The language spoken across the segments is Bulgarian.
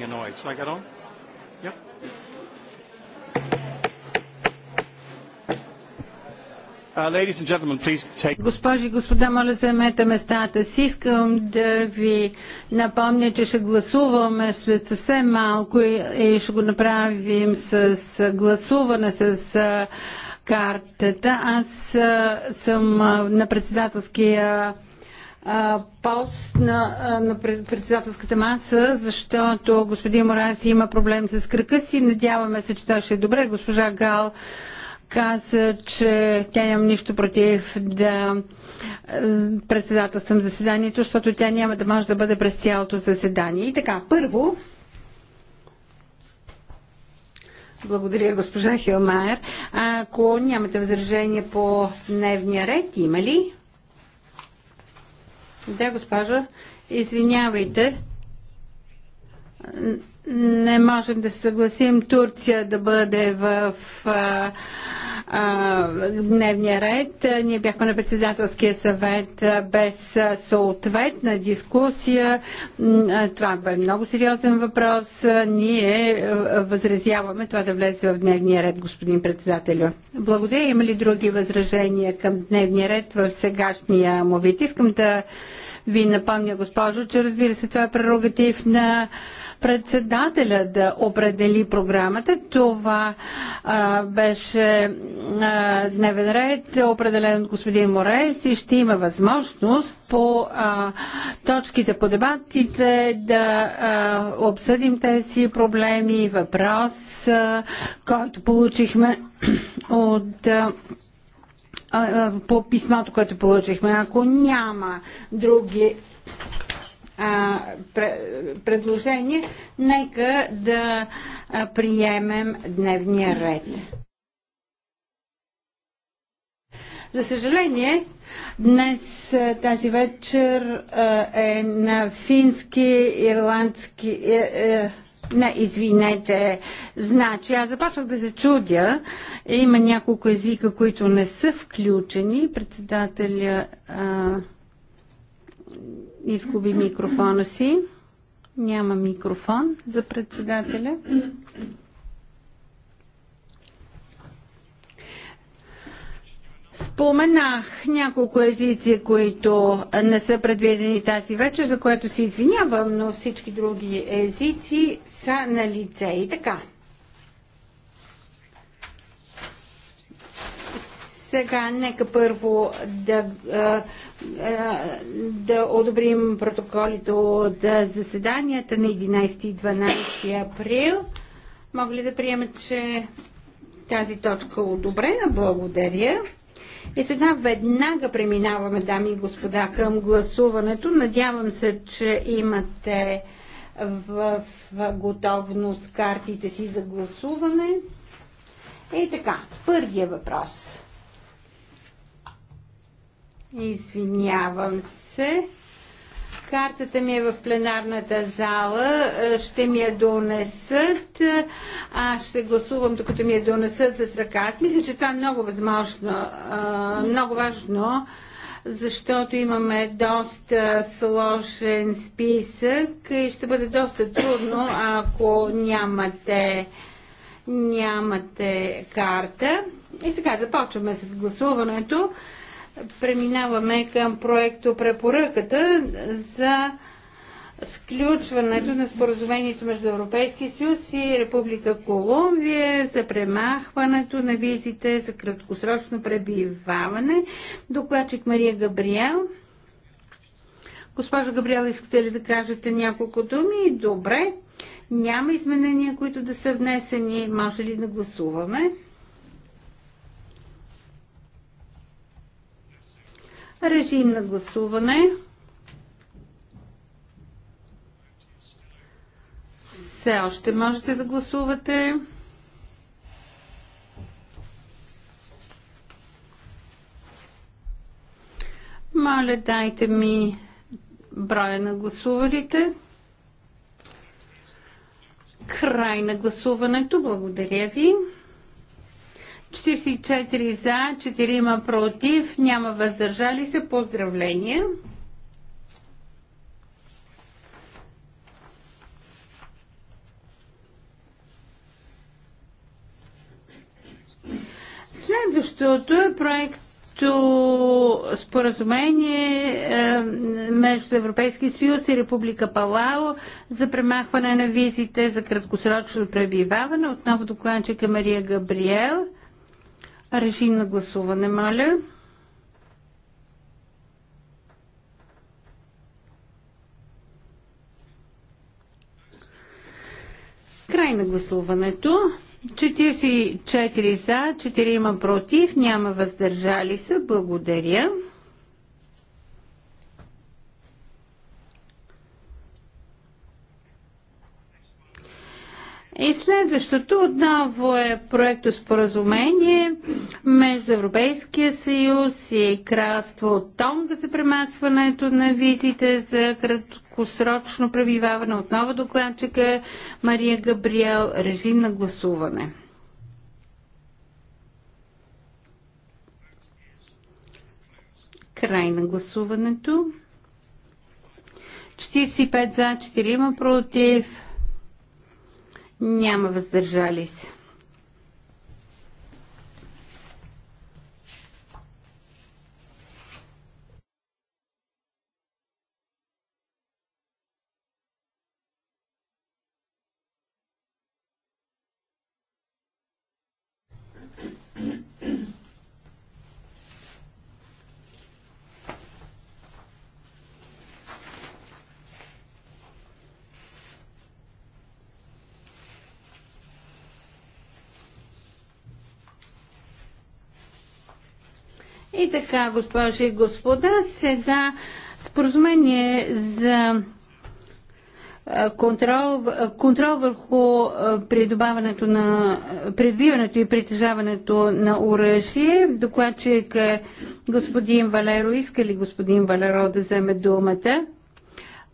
annoyed. Should I get on? Yep. Uh, Госпожи и господа, моля заемете местата си. Искам да ви напомня, че ще гласуваме след съвсем малко и ще го направим с гласуване, с картата. Аз съм на председателския пост на, на председателската маса, защото господин Мораз има проблем с кръка си. Надяваме се, че той ще е добре. Госпожа Гал каза, че тя няма нищо против да председателствам заседанието, защото тя няма да може да бъде през цялото заседание. И така, първо, благодаря, госпожа Хилмайер. Ако нямате възражение по дневния ред, има ли? Да, госпожа, извинявайте не можем да се съгласим Турция да бъде в а, а, дневния ред. Ние бяхме на председателския съвет без съответна дискусия. Това бе много сериозен въпрос. Ние възразяваме това да влезе в дневния ред, господин председателю. Благодаря. Има ли други възражения към дневния ред в сегашния му вид? Искам да ви напомня, госпожо, че разбира се това е прерогатив на председателя да определи програмата. Това а, беше а, дневен ред, определен от господин Морес и ще има възможност по а, точките по дебатите да а, обсъдим тези проблеми. Въпрос, а, който получихме от. А, по писмото, което получихме. Ако няма други а, предложение, нека да приемем дневния ред. За съжаление, днес тази вечер е на фински, ирландски. Е, е, не, извинете. Значи, аз започнах да се чудя. Има няколко езика, които не са включени. Председателя. Е, изгуби микрофона си. Няма микрофон за председателя. Споменах няколко езици, които не са предвидени тази вечер, за което се извинявам, но всички други езици са на лице. И така. Сега нека първо да, да одобрим протоколите от заседанията на 11 и 12 април. Мога ли да приема, че тази точка е одобрена? Благодаря. И сега веднага преминаваме, дами и господа, към гласуването. Надявам се, че имате в, в готовност картите си за гласуване. И така, първия въпрос. Извинявам се. Картата ми е в пленарната зала. Е, ще ми я донесат. Е, аз ще гласувам, докато ми я донесат с ръка. Аз мисля, че това е много възможно, е, много важно, защото имаме доста сложен списък и ще бъде доста трудно, ако нямате, нямате карта. И сега започваме с гласуването преминаваме към проекто препоръката за сключването на споразумението между Европейския съюз и Република Колумбия за премахването на визите за краткосрочно пребиваване. Докладчик Мария Габриел. Госпожо Габриел, искате ли да кажете няколко думи? Добре. Няма изменения, които да са внесени. Може ли да гласуваме? Режим на гласуване. Все още можете да гласувате. Моля, дайте ми броя на гласувалите. Край на гласуването. Благодаря ви. 44 за, 4 има против, няма въздържали се. Поздравления! Следващото е проекто споразумение е, между Европейския съюз и Република Палао за премахване на визите за краткосрочно пребиваване. Отново докладчика Мария Габриел. Режим на гласуване, моля. Край на гласуването. 44 за, 4 има против, няма въздържали се. Благодаря. И следващото отново е проекто споразумение между Европейския съюз и кралство от Тонга за премасването на визите за краткосрочно пребиваване. Отново докладчика Мария Габриел. Режим на гласуване. Край на гласуването. 45 за, 4 против няма въздържали се. така, госпожи и господа, сега споразумение за контрол, контрол върху придобаването на предбиването и притежаването на оръжие. Докладчик е господин Валеро. Иска ли господин Валеро да вземе думата?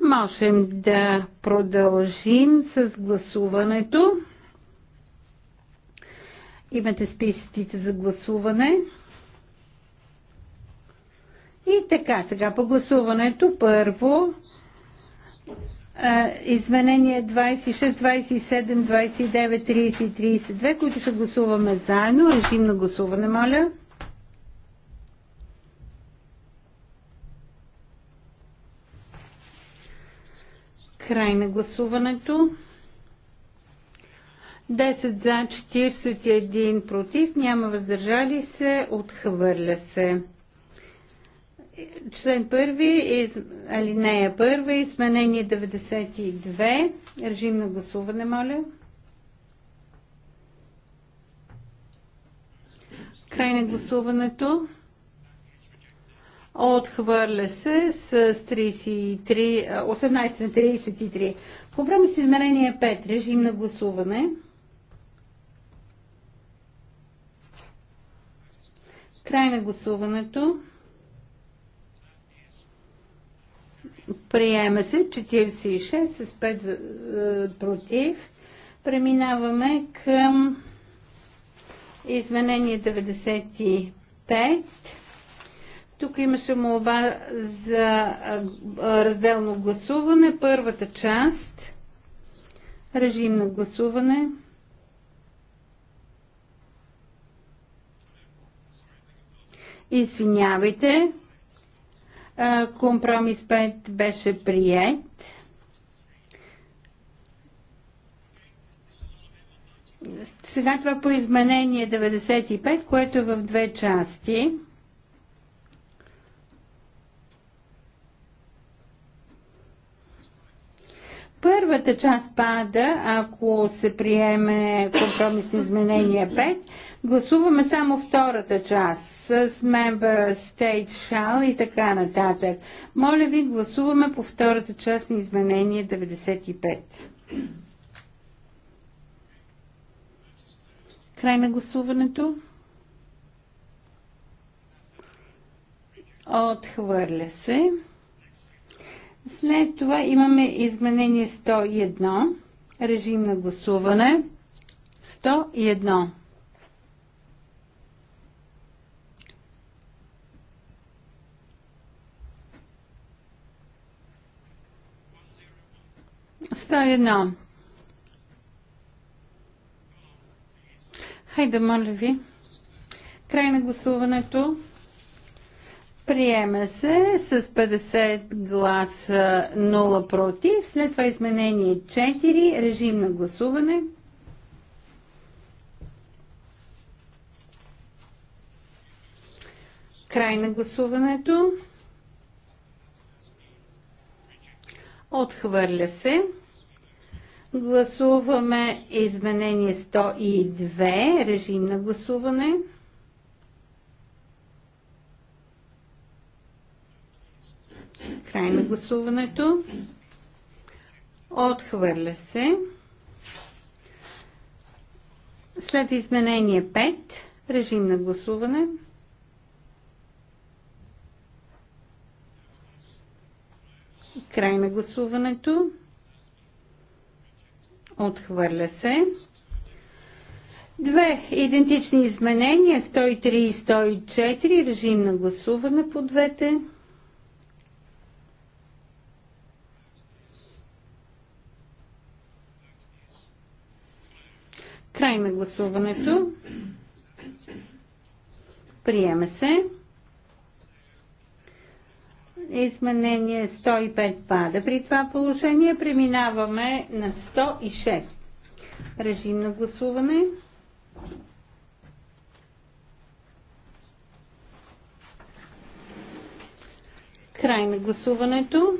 Можем да продължим с гласуването. Имате списъците за гласуване. И така, сега по гласуването първо изменения 26, 27, 29, 30 и 32, които ще гласуваме заедно. Режим на гласуване, моля. Край на гласуването. 10 за, 41 против, няма въздържали се, отхвърля се. Член първи, из, алинея първа, изменение 92. Режим на гласуване, моля. Край на гласуването. Отхвърля се с 33, 18 на 33. с измерение 5. Режим на гласуване. Край на гласуването. Приема се 46 с 5 е, против. Преминаваме към изменение 95. Тук имаше молба за разделно гласуване. Първата част. Режим на гласуване. Извинявайте. Компромис 5 беше прият. Сега това по изменение 95, което е в две части. Първата част пада, ако се приеме компромисно изменение 5. Гласуваме само втората част с Member State Shall и така нататък. Моля ви, гласуваме по втората част на изменение 95. Край на гласуването. Отхвърля се. След това имаме изменение 101. Режим на гласуване. 101. 101. Е Хайде, моля ви. Край на гласуването. Приема се с 50 гласа 0 против. След това изменение 4. Режим на гласуване. Край на гласуването. Отхвърля се. Гласуваме изменение 102, режим на гласуване. Край на гласуването. Отхвърля се. След изменение 5, режим на гласуване. Край на гласуването. Отхвърля се. Две идентични изменения 103 и 104. Режим на гласуване по двете. Край на гласуването. Приеме се. Изменение 105 пада. При това положение преминаваме на 106. Режим на гласуване. Край на гласуването.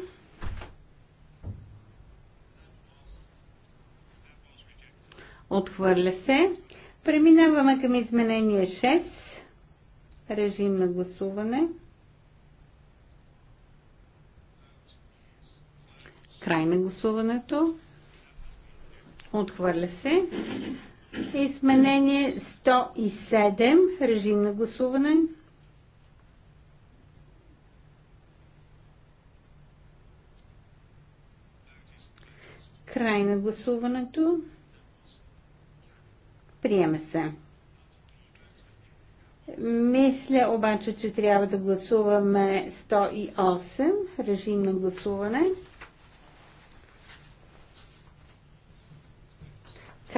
Отхвърля се. Преминаваме към изменение 6. Режим на гласуване. Край на гласуването. Отхвърля се. Изменение 107. Режим на гласуване. Край на гласуването. Приема се. Мисля обаче, че трябва да гласуваме 108. Режим на гласуване.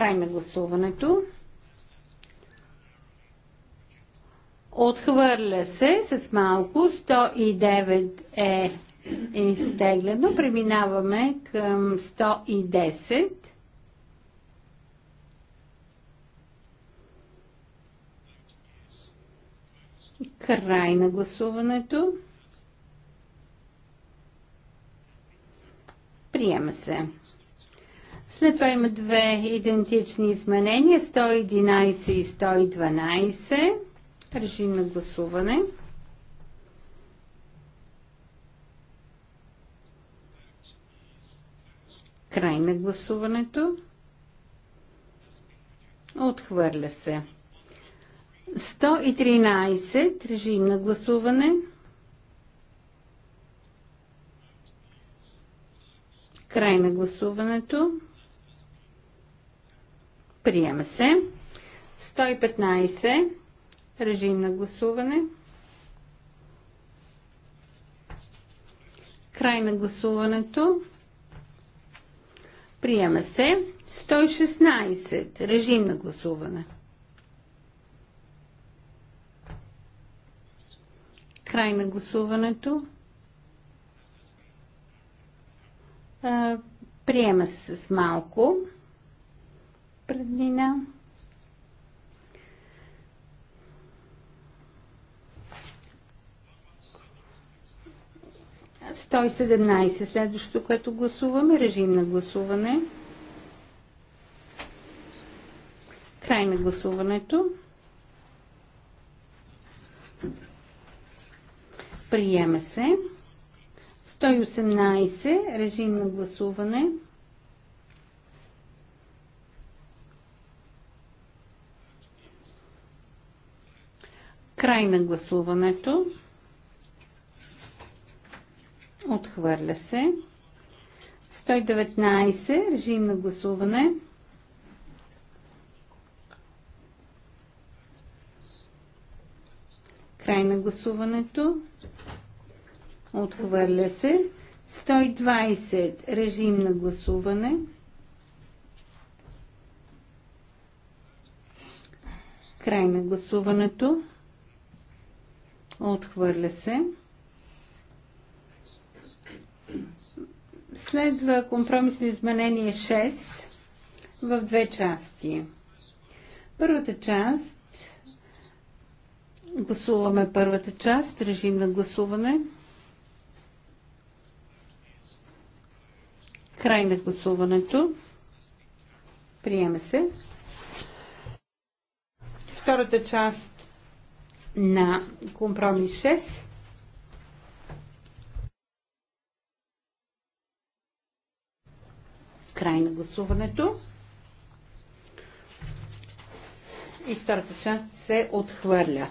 Край на гласуването. Отхвърля се с малко. 109 е изтеглено. Преминаваме към 110. Край на гласуването. Приема се. След това има две идентични изменения 111 и 112. Режим на гласуване. Край на гласуването. Отхвърля се. 113. Режим на гласуване. Край на гласуването. Приема се. 115. Режим на гласуване. Край на гласуването. Приема се. 116. Режим на гласуване. Край на гласуването. Приема се с малко преднина. Следващото, което гласуваме, режим на гласуване. Край на гласуването. Приема се. 118. Режим на гласуване. Край на гласуването. Отхвърля се. 119. Режим на гласуване. Край на гласуването. Отхвърля се. 120. Режим на гласуване. Край на гласуването. Отхвърля се. Следва компромисно изменение 6 в две части. Първата част гласуваме първата част, режим на гласуване. Край на гласуването. Приеме се. Втората част на компромис 6. Край на гласуването. И втората част се отхвърля.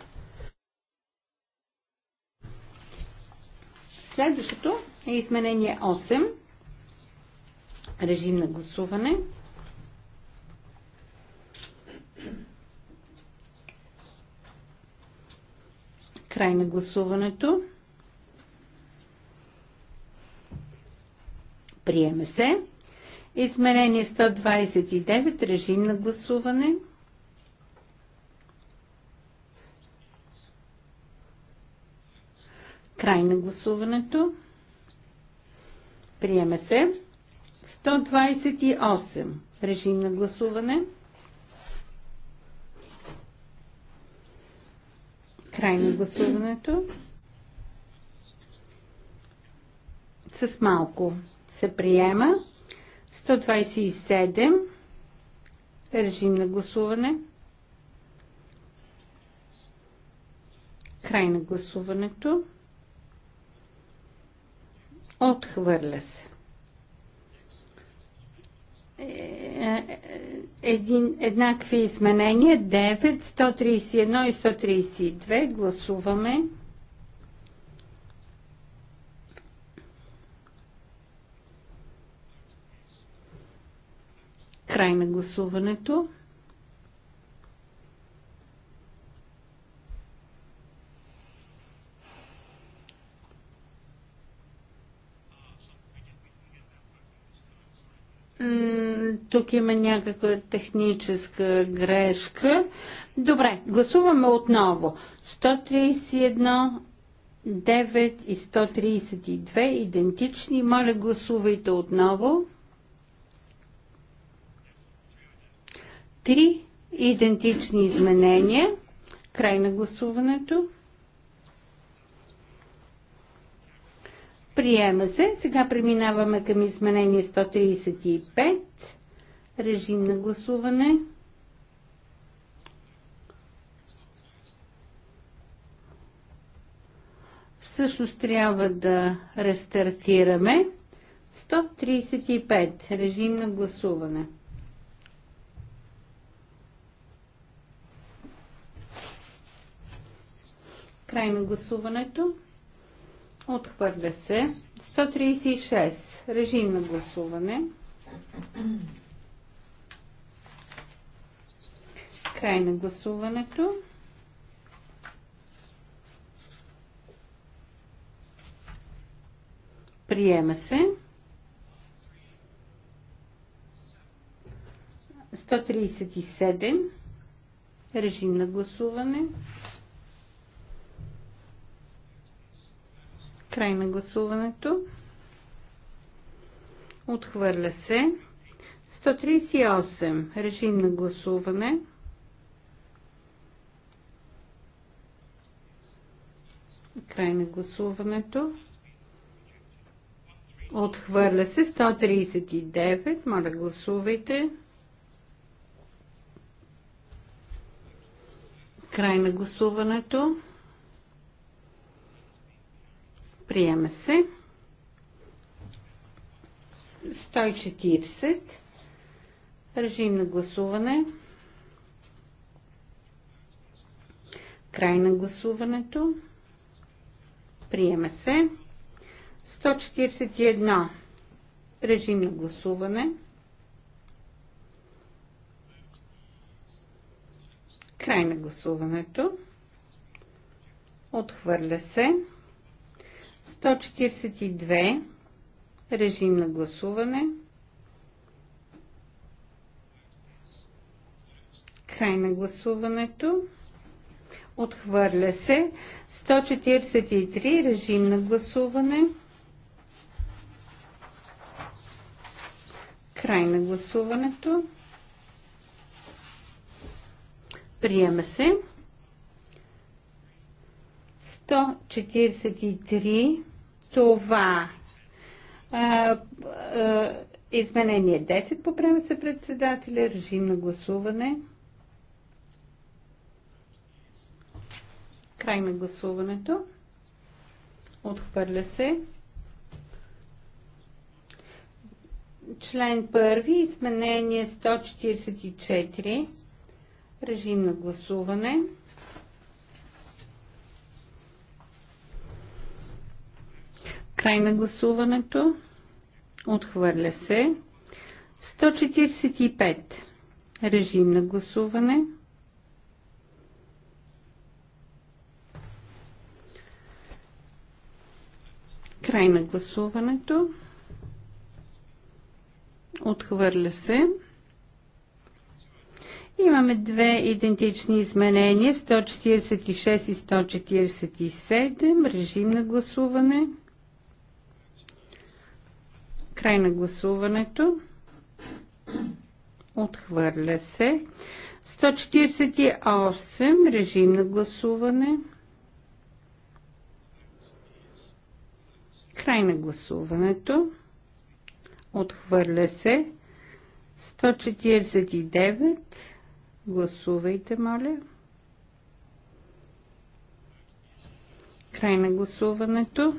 Следващото е изменение 8. Режим на гласуване. Край на гласуването. Приеме се. Изменение 129. Режим на гласуване. Край на гласуването. Приеме се. 128. Режим на гласуване. Край на гласуването. С малко се приема. 127. Режим на гласуване. Край на гласуването. Отхвърля се. Е, е, един, еднакви изменения 9, 131 и 132. Гласуваме. Край на гласуването. тук има някаква техническа грешка. Добре, гласуваме отново. 131, 9 и 132 идентични. Моля, гласувайте отново. Три идентични изменения. Край на гласуването. Приема се. Сега преминаваме към изменение 135. Режим на гласуване. Всъщност трябва да рестартираме. 135. Режим на гласуване. Край на гласуването. Отхвърля се. 136. Режим на гласуване. Край на гласуването. Приема се. 137. Режим на гласуване. Край на гласуването. Отхвърля се. 138. Режим на гласуване. Край на гласуването. Отхвърля се 139. Моля, гласувайте. Край на гласуването. Приема се. 140. Режим на гласуване. Край на гласуването. Приема се. 141. Режим на гласуване. Край на гласуването. Отхвърля се. 142. Режим на гласуване. Край на гласуването. Отхвърля се. 143. Режим на гласуване. Край на гласуването. Приема се. 143 това а, а, изменение 10 по време се председателя, режим на гласуване. Край на гласуването. Отхвърля се. Член 1. Изменение 144. Режим на гласуване. Край на гласуването. Отхвърля се. 145. Режим на гласуване. Край на гласуването. Отхвърля се. Имаме две идентични изменения 146 и 147. Режим на гласуване. Край на гласуването. Отхвърля се. 148. Режим на гласуване. Край на гласуването. Отхвърля се. 149. Гласувайте, моля. Край на гласуването.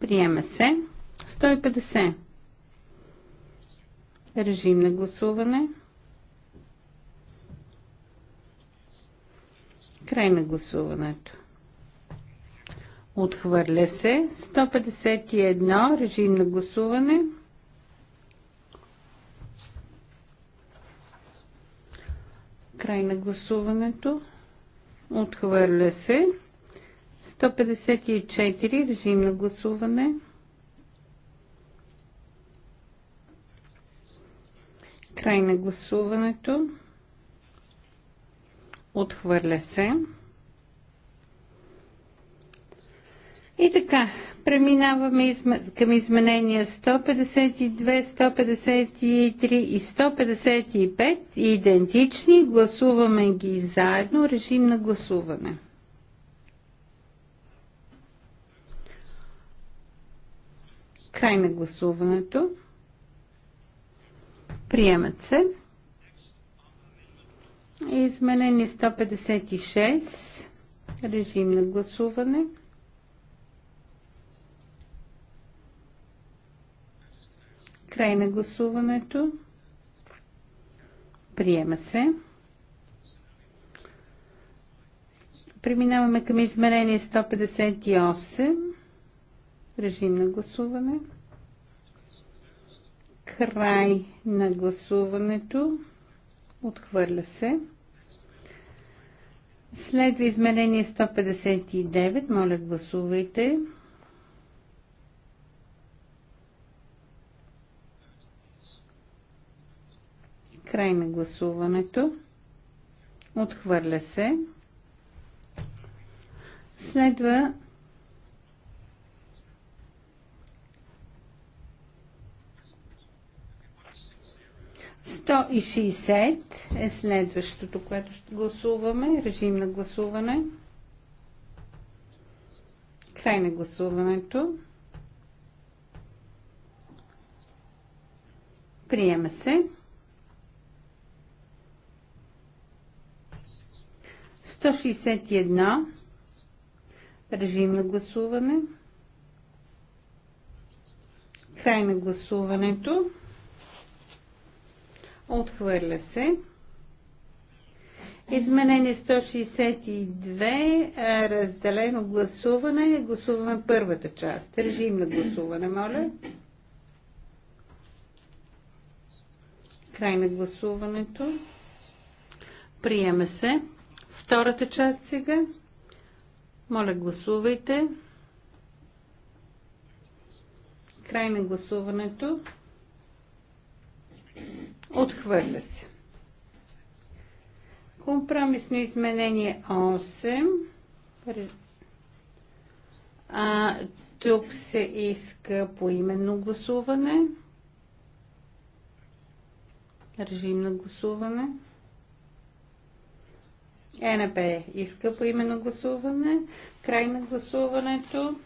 Приема се. 150. Режим на гласуване. Край на гласуването. Отхвърля се. 151. Режим на гласуване. Край на гласуването. Отхвърля се. 154. Режим на гласуване. Край на гласуването. Отхвърля се. И така, преминаваме към изменения 152, 153 и 155, идентични. Гласуваме ги заедно. Режим на гласуване. Край на гласуването. Приемат се. Изменение 156. Режим на гласуване. Край на гласуването. Приема се. Преминаваме към изменение 158. Режим на гласуване. Край на гласуването. Отхвърля се. Следва изменение 159. Моля, гласувайте. Край на гласуването. Отхвърля се. Следва 160 е следващото, което ще гласуваме. Режим на гласуване. Край на гласуването. Приема се. 161. Режим на гласуване. Край на гласуването. Отхвърля се. Изменение 162, разделено гласуване. Гласуваме първата част. Режим на гласуване, моля. Край на гласуването. Приема се. Втората част сега. Моля, гласувайте. Край на гласуването. Отхвърля се. Компромисно изменение 8. А, тук се иска поименно гласуване. Режим на гласуване. ЕНП иска поименно гласуване. Край на гласуването.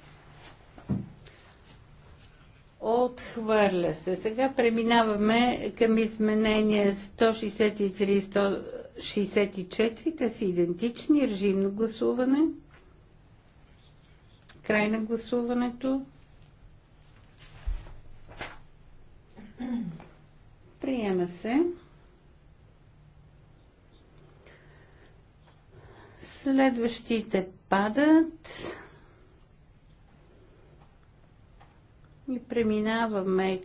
Отхвърля се. Сега преминаваме към изменение 163-164. Те са идентични. Режим на гласуване. Край на гласуването. Приема се. Следващите падат. И преминаваме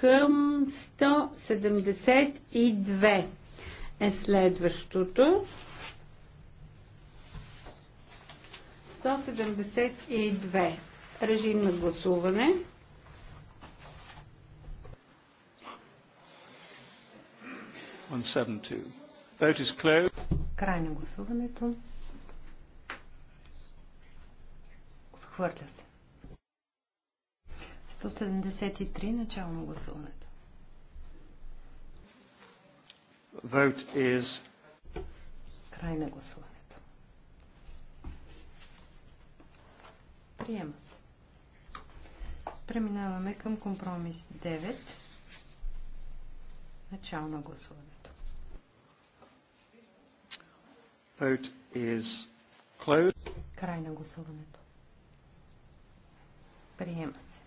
към 172 е следващото. 172. Режим на гласуване. Край на гласуването. Отхвърля се. 173. Начало на гласуването. Vote is... Край на гласуването. Приема се. Преминаваме към компромис 9. Начало на гласуването. Vote is closed. Край на гласуването. Приема се.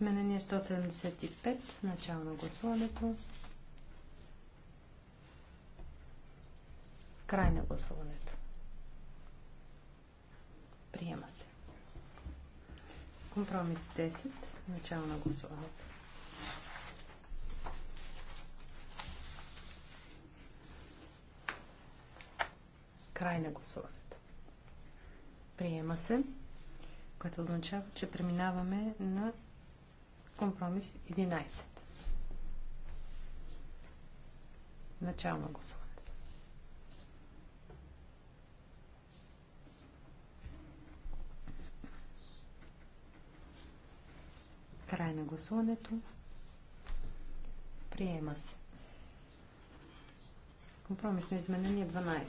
Изменение 175, начало на гласуването. Край на гласуването. Приема се. Компромис 10, начало на гласуването. Край на гласуването. Приема се, което означава, че преминаваме на Компромис 11. Начално гласуване. Край на гласуването. Приема се. Компромисно изменение 12.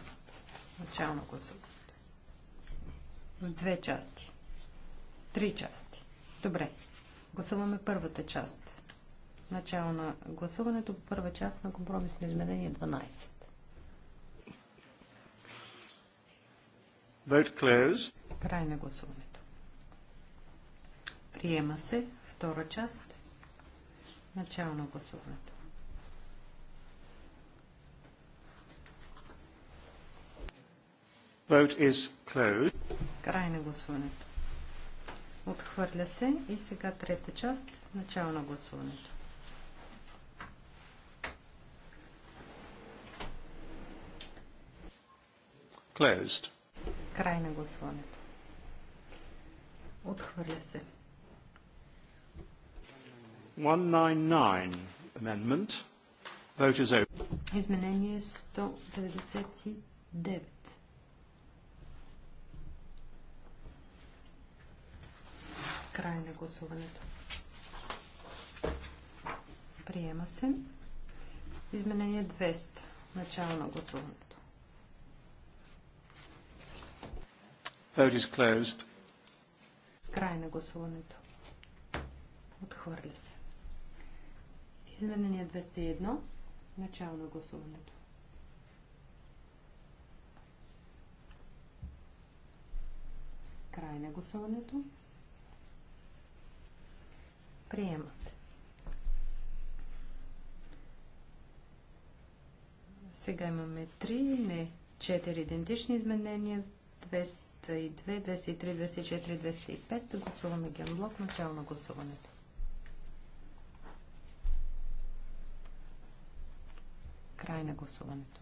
Начално гласуване. В две части. Три части. Добре. Гласуваме първата част. Начало на гласуването по първа част на компромисно изменение 12. Vote closed. Край на гласуването. Приема се втора част. Начало на гласуването. Vote is closed. Край на гласуването. Отхвърля се. И сега трета част. Начало на гласуването. Closed. Край на гласуването. Отхвърля се. 199 amendment. Vote is open. Изменение 199. Край на гласуването. Приема се. Изменение 200. Начало на гласуването. Vote is closed. Край на гласуването. Отхвърля се. Изменение 201. Начало на гласуването. Край на гласуването. Приема се. Сега имаме 3, не 4 идентични изменения. 202, 203, 204, 205. Гласуваме генблок. Начало на гласуването. Край на гласуването.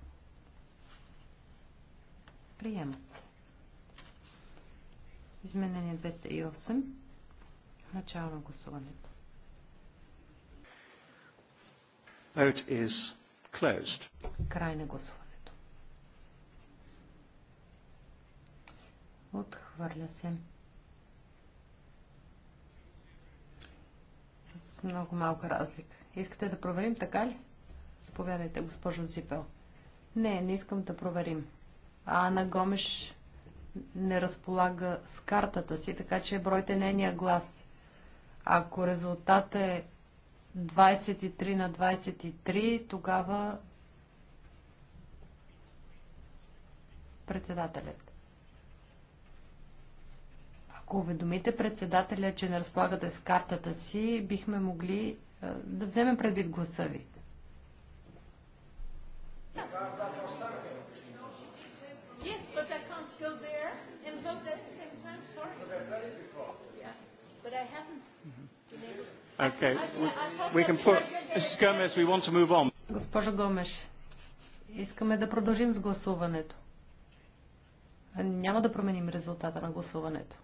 Приемат се. Изменение 208. Начало на гласуването. Vote is closed. Край на гласуването. Отхвърля се. С много малка разлика. Искате да проверим, така ли? Заповядайте, госпожо Зипел. Не, не искам да проверим. А Ана Гомеш не разполага с картата си, така че бройте нейния глас. Ако резултат е 23 на 23, тогава председателят. Ако уведомите председателя, че не разполагате с картата си, бихме могли да вземем предвид гласа ви. Yes, but I haven't been able to. Okay. We can put... Gomez, we want to move on. Госпожо Гомеш, искаме да продължим с гласуването. Няма да променим резултата на гласуването.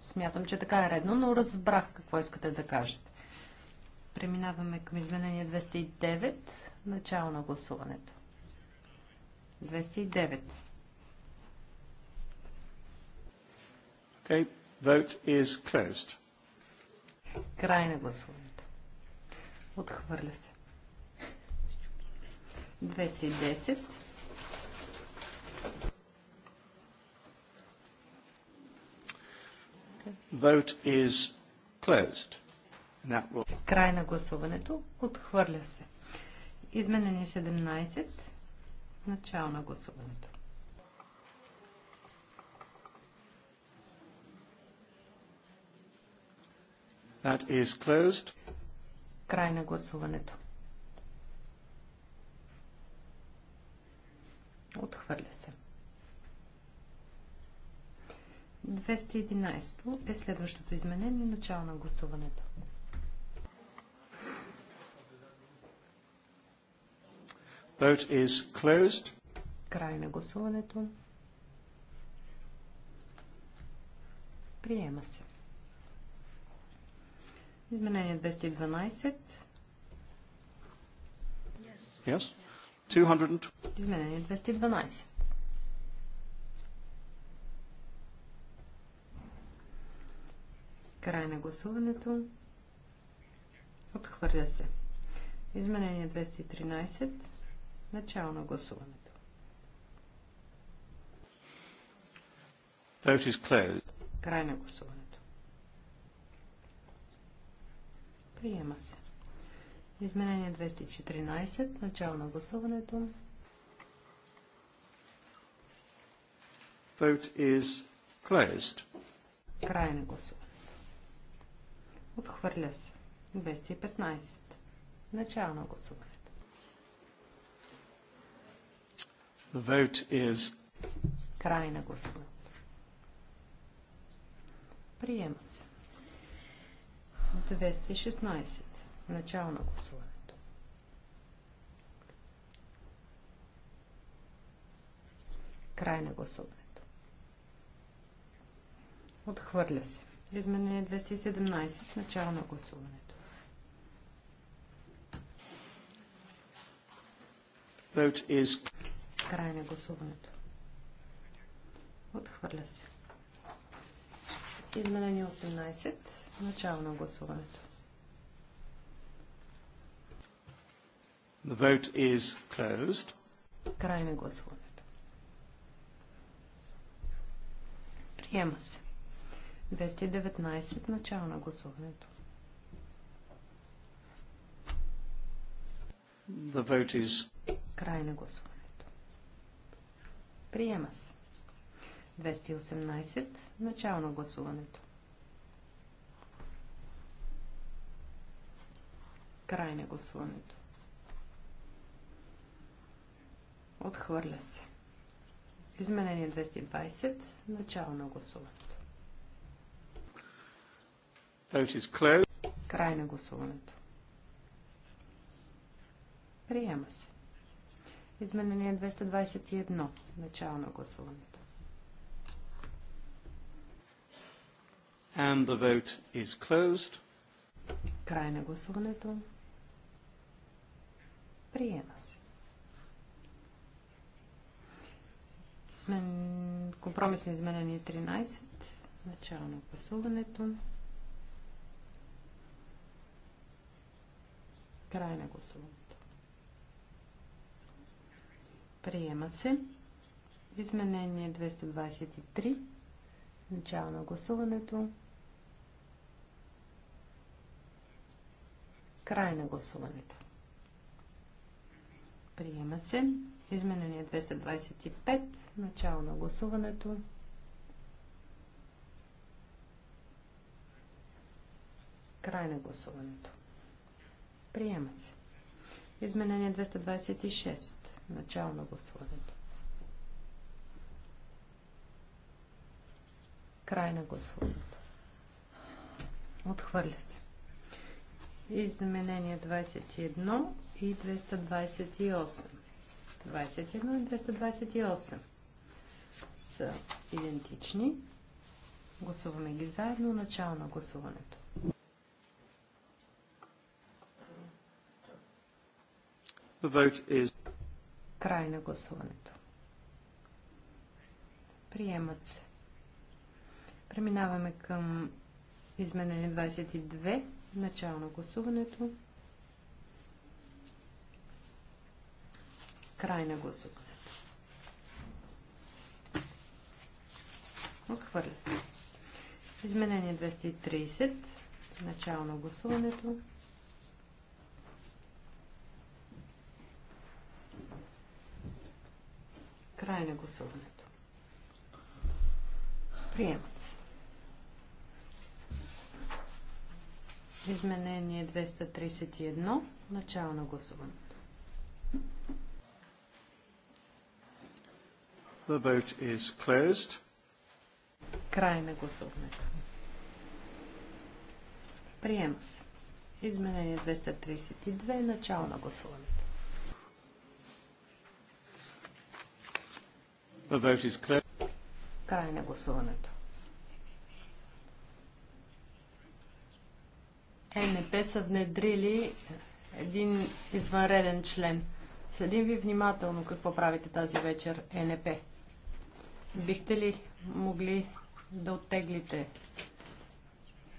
Смятам, че така е редно, но разбрах какво искате да кажете. Преминаваме към изменение 209, начало на гласуването. 209. Okay, vote is closed. Край на гласуването. Отхвърля се. 210. Vote is closed. Will... Край на гласуването. Отхвърля се. Изменени 17. Начало на гласуването. That is closed. Край на гласуването. Отхвърля се. 211 е следващото изменение, начало на гласуването. Vote is closed. Край на гласуването. Приема се. Изменение 212. Yes. 200. Изменение 212. Край на гласуването. Отхвърля се. Изменение 213. Начало на гласуването. Край на гласуването. Приема се. Изменение 214. Начало на гласуването. Vote is closed. Край на гласуването. Отхвърля се. 215. Начало на гласуването. The vote is... Край на гласуването. Приема се. 216. Начало на гласуването. Край на гласуването. Отхвърля се. Изменение 217. Начало на гласуването. Край на гласуването. Отхвърля се. Изменение 18. Начало на гласуването. The vote is closed. Край на гласуването. Приема се. 219. Начало на гласуването. The vote is... Край на гласуването. Приема се. 218. Начало на гласуването. Край на гласуването. Отхвърля се. Изменение 220. Начало на гласуването. Край на гласуването. Приема се. Изменение 221. Начало на гласуването. And the vote is closed. Край на гласуването. Приема се. Компромисно изменение 13. Начало на гласуването. Край на гласуването. Приема се. Изменение 223. Начало на гласуването. Край на гласуването. Приема се. Изменение 225. Начало на гласуването. Край на гласуването. Приема се. Изменение 226. Начало на гласуването. Край на гласуването. Отхвърля се. Изменение 21 и 228. 21 и 228 са идентични. Гласуваме ги заедно. Начало на гласуването. The vote is... Край на гласуването. Приемат се. Преминаваме към изменение 22. Начало на гласуването. Край на гласуването. Отхвърля се. Изменение 230. Начало на гласуването. Край на гласуването. Приемат се. Изменение 231. Начало на гласуването. The vote is closed. Край на гласуването. Приема се. Изменение 232. Начало на гласуването. The vote is closed. Край на гласуването. Е НП са внедрили един извънреден член. Следим ви внимателно какво правите тази вечер, е ЕНП. Бихте ли могли да оттеглите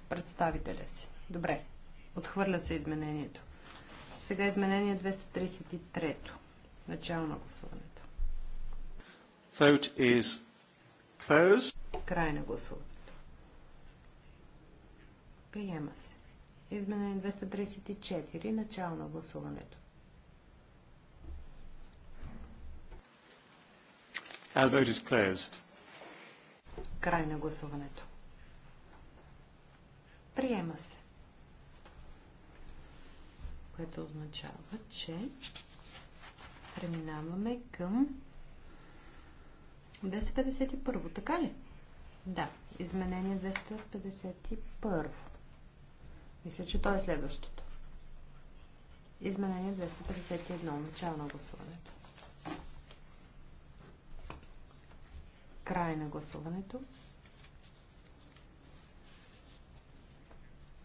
представителя си? Добре. Отхвърля се изменението. Сега изменение 233. Начало на гласуването. Vote is closed. Край на гласуването. Приема се. Изменение 234. Начало на гласуването. Our vote is closed. Край на гласуването. Приема се. Което означава, че преминаваме към 251. Така ли? Да. Изменение 251. Мисля, че то е следващото. Изменение 251. Начало на гласуването. Край на гласуването.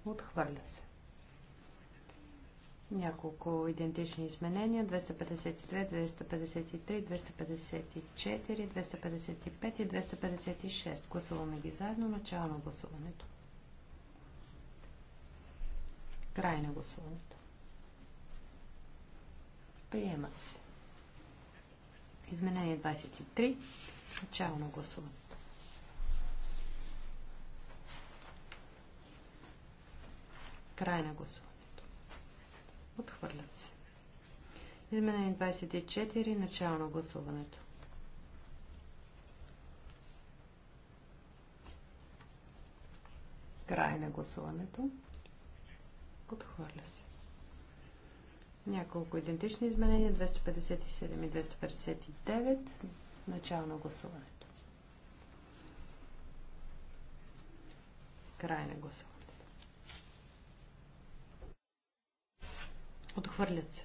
Отхвърля се. Няколко идентични изменения. 252, 253, 254, 255 и 256. Гласуваме ги заедно. Начало на гласуването. Край на гласуването. Приемат се. Изменение 23. Начало на гласуване. Край на гласуването. Отхвърлят се. Изменение 24. Начало на гласуването. Край на гласуването. Отхвърля се. Няколко идентични изменения 257 и 259. Начало на гласуването. Край на гласуването. Отхвърлят се.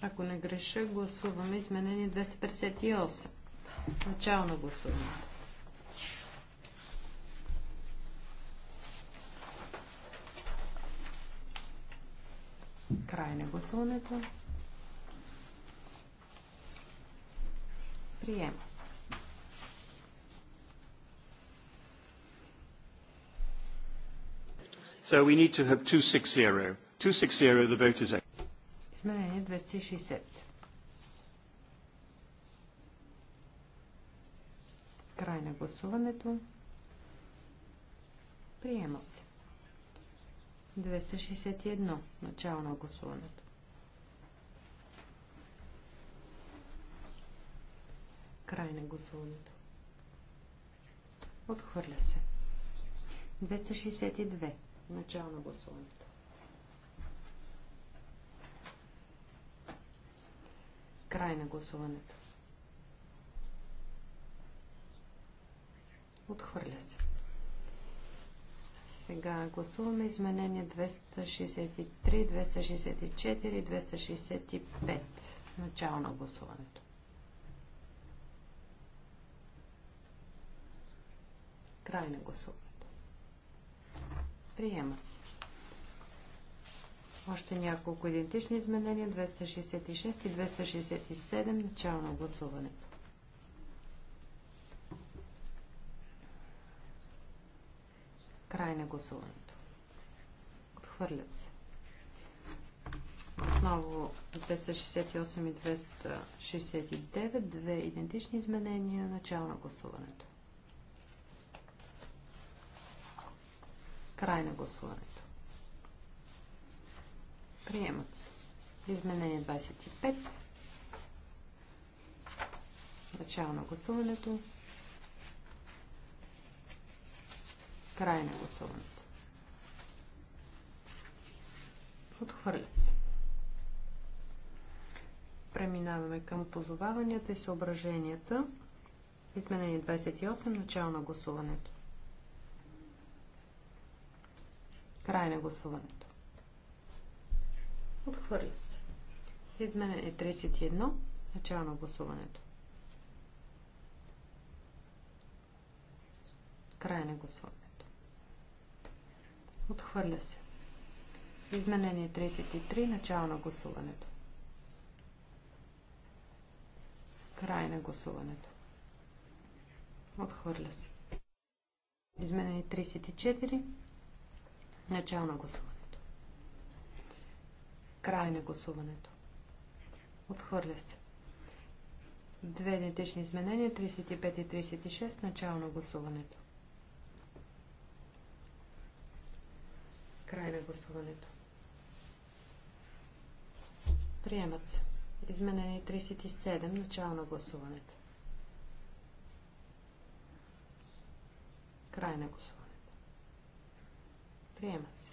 Ако не греша, гласуваме изменение 258. Начало на гласуването. Край на гласуването. Приема се. So we need to have 260. 260, the vote is open. Изменение 260. Край на гласуването. Приема се. 261. Начало на гласуването. Край на гласуването. Отхвърля се. 262. Начало на гласуването. Край на гласуването. Отхвърля се. Сега гласуваме изменение 263, 264, и 265. Начало на гласуването. Край на гласуването. Приема се. Още няколко идентични изменения. 266 и 267. Начало на гласуването. Край на гласуването. Отхвърлят се. Отново 268 и 269. Две идентични изменения. Начало на гласуването. Край на гласуването. Приемат се. Изменение 25. Начало на гласуването. Край на гласуването. Отхвърлят се. Преминаваме към позоваванията и съображенията. Изменение 28. Начало на гласуването. Край на гласуването. Отхвърля се. е 31. Начало на гласуването. Край на гласуването. Отхвърля се. Изменение 33. Начало на гласуването. Край на гласуването. Отхвърля се. Изменение 34. Начало на гласуването. Край на гласуването. Отхвърля се. Две идентични изменения, 35 и 36, начало на гласуването. Край на гласуването. Приемат се. Изменение 37, начало на гласуването. Край на гласуването. Приема се.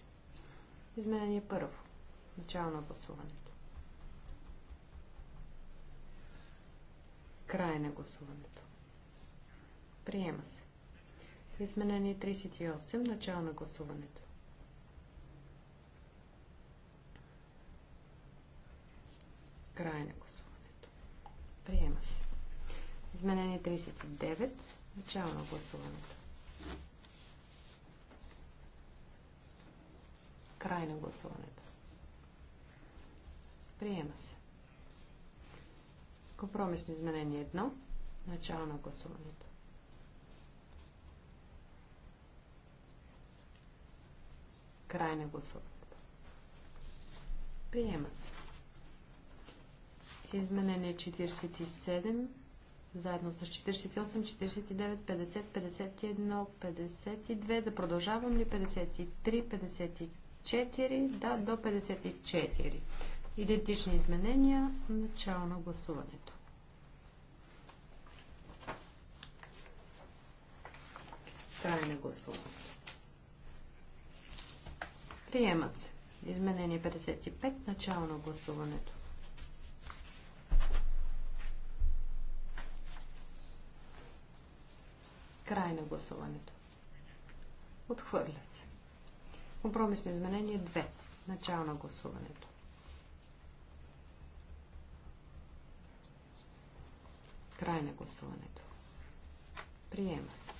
Изменение първо. Начало на гласуването. Край на гласуването. Приема се. Изменение 38. Начало на гласуването. Край на гласуването. Приема се. Изменение 39. Начало на гласуването. Край на гласуването. Приема се. Компромисно изменение 1. Начало на гласуването. Край на гласуването. Приема се. Изменение 47 заедно с 48, 49, 50, 51, 52. Да продължавам ли? 53, 54. 4, да, до 54. Идентични изменения, начало на гласуването. Край на гласуването. Приемат се. Изменение 55, начало на гласуването. Край на гласуването. Отхвърля се. Компромисно изменение 2. Начало на гласуването. Край на гласуването. Приема се.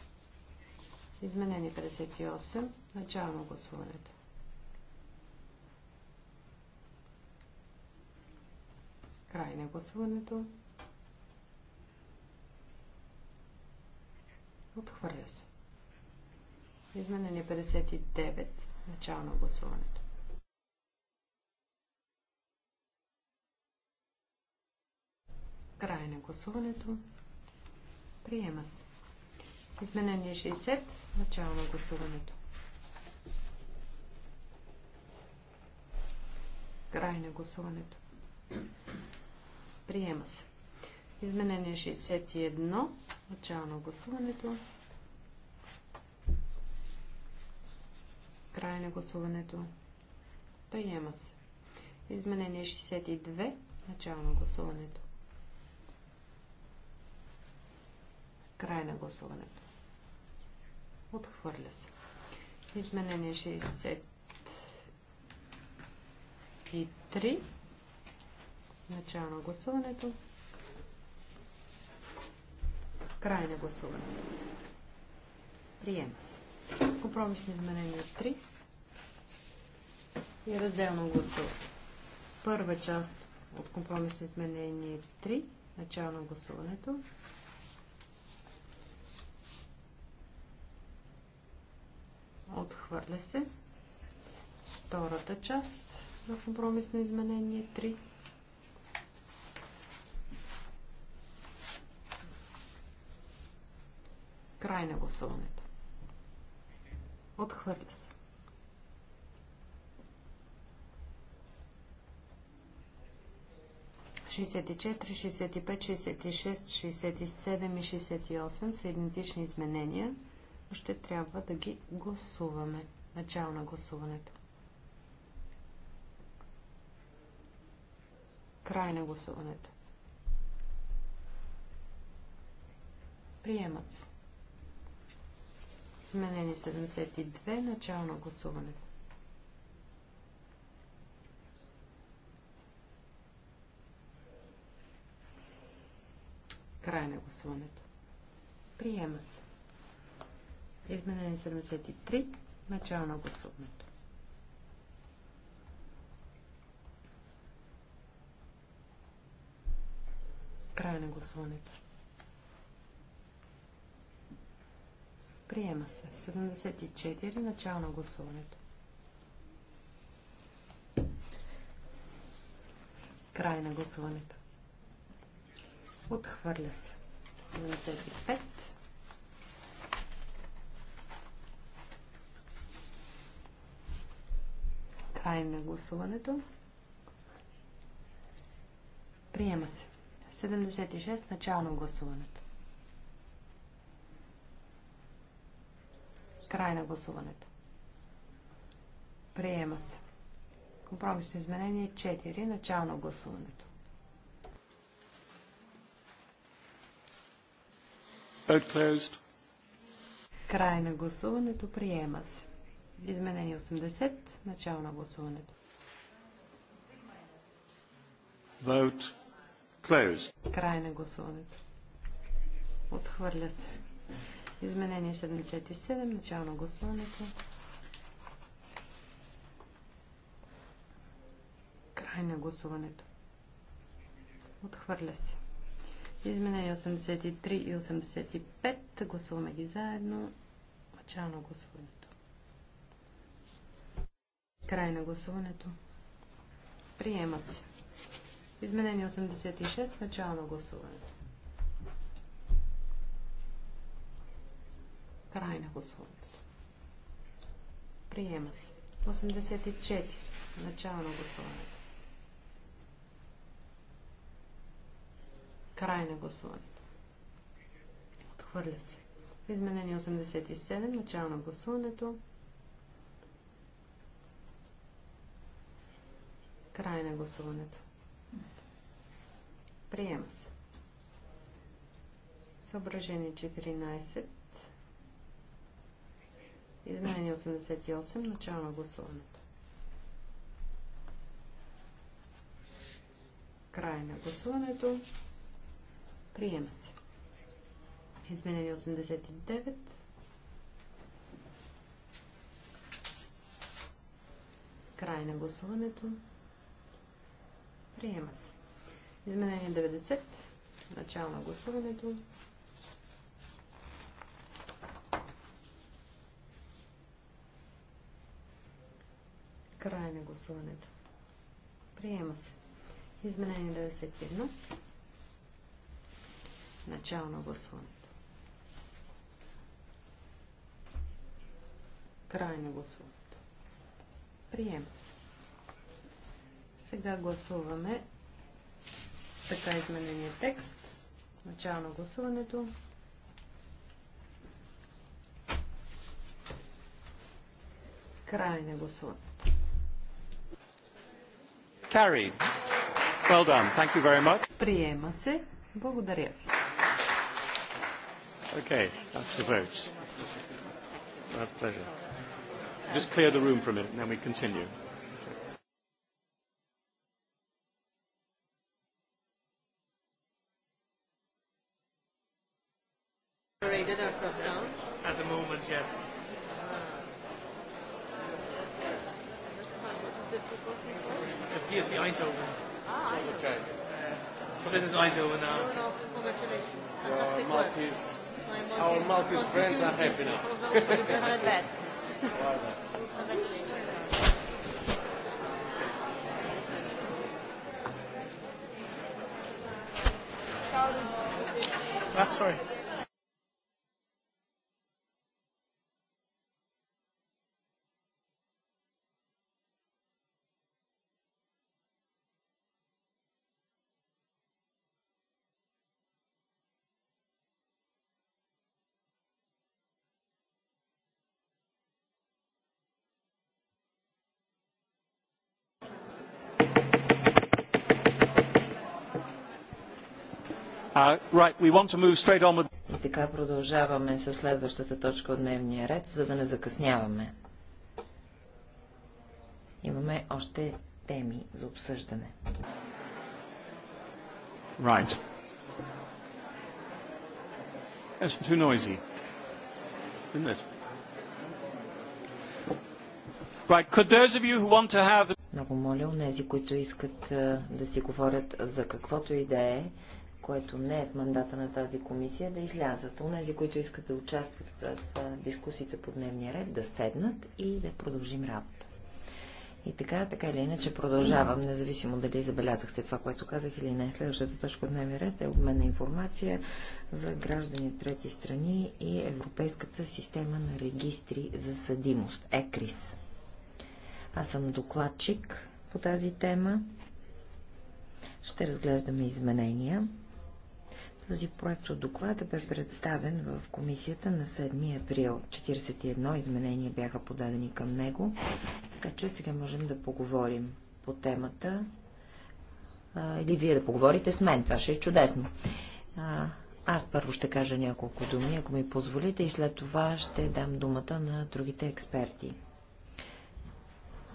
Изменение 58. Начало на гласуването. Край на гласуването. Отхвърля се. Изменение 59. Начало на гласуването. Край на гласуването. Приема се. Изменение 60. Начало на гласуването. Край на гласуването. Приема се. Изменение 61. Начало на гласуването. Край на гласуването. Приема се. Изменение 62. Начало на гласуването. Край на гласуването. Отхвърля се. Изменение 63. Начало на гласуването. Край на гласуването. Приема се. Компромисно изменение 3 и разделно гласуване. Първа част от компромисно изменение 3, начало на гласуването. Отхвърля се. Втората част на компромисно изменение 3. Край на Отхвърля се. Шестдесет и четири, шестдесет и пет, шестдесет и шест, шестдесет и седем и шестдесет и осем са идентични изменения, но ще трябва да ги гласуваме. Начало на гласуването. Край на гласуването. Приемат се. Изменение 72. Начало на гласуването. Край на гласуването. Приема се. Изменение 73. Начало на гласуването. Край на гласуването. Приема се. 74. Начало на гласуването. Край на гласуването. Отхвърля се. 75. Край на гласуването. Приема се. 76. Начало на гласуването. Край на гласуването. Приема се. Компромисно изменение 4. Начало на гласуването. Край на гласуването. Приема се. Изменение 80. Начало на гласуването. Vote closed. Край на гласуването. Отхвърля се. Изменение 77, начало на гласуването. Край на гласуването. Отхвърля се. Изменение 83 и 85. Гласуваме ги заедно. Начало на гласуването. Край на гласуването. Приемат се. Изменение 86. Начало на гласуването. Край на гласуването. Приема се. 84. Начало на гласуването. Край на гласуването. Отхвърля се. Изменение 87. Начало на гласуването. Край на гласуването. Приема се. Съображение 14. Изменение 88, начало на гласуването. Край на гласуването. Приема се. Изменение 89. Край на гласуването. Приема се. Изменение 90. Начало на гласуването. Край на гласуването. Приема се. Изменение 91. Начало на гласуването. Край на гласуването. Приема се. Сега гласуваме така изменения текст. Начало на гласуването. Край на гласуването. Carried. Well done. Thank you very much. Приема се. Благодаря ви. Okay, that's the votes. That's a pleasure. Just clear the room for a minute and then we continue. Uh, и така продължаваме с следващата точка от дневния ред, за да не закъсняваме. Имаме още теми за обсъждане. Right. too noisy, isn't it? Right. Could those of you who want to have... Много моля, онези, които искат да си говорят за каквото и да е, което не е в мандата на тази комисия, да излязат. Онези, които искат да участват в дискусиите по дневния ред, да седнат и да продължим работа. И така, така или иначе продължавам, независимо дали забелязахте това, което казах или не. Следващата точка от дневния ред е обмен на информация за граждани от трети страни и Европейската система на регистри за съдимост, ЕКРИС. Аз съм докладчик по тази тема. Ще разглеждаме изменения. Този проект от доклада бе представен в комисията на 7 април. 41 изменения бяха подадени към него, така че сега можем да поговорим по темата. А, или вие да поговорите с мен, това ще е чудесно. А, аз първо ще кажа няколко думи, ако ми позволите, и след това ще дам думата на другите експерти.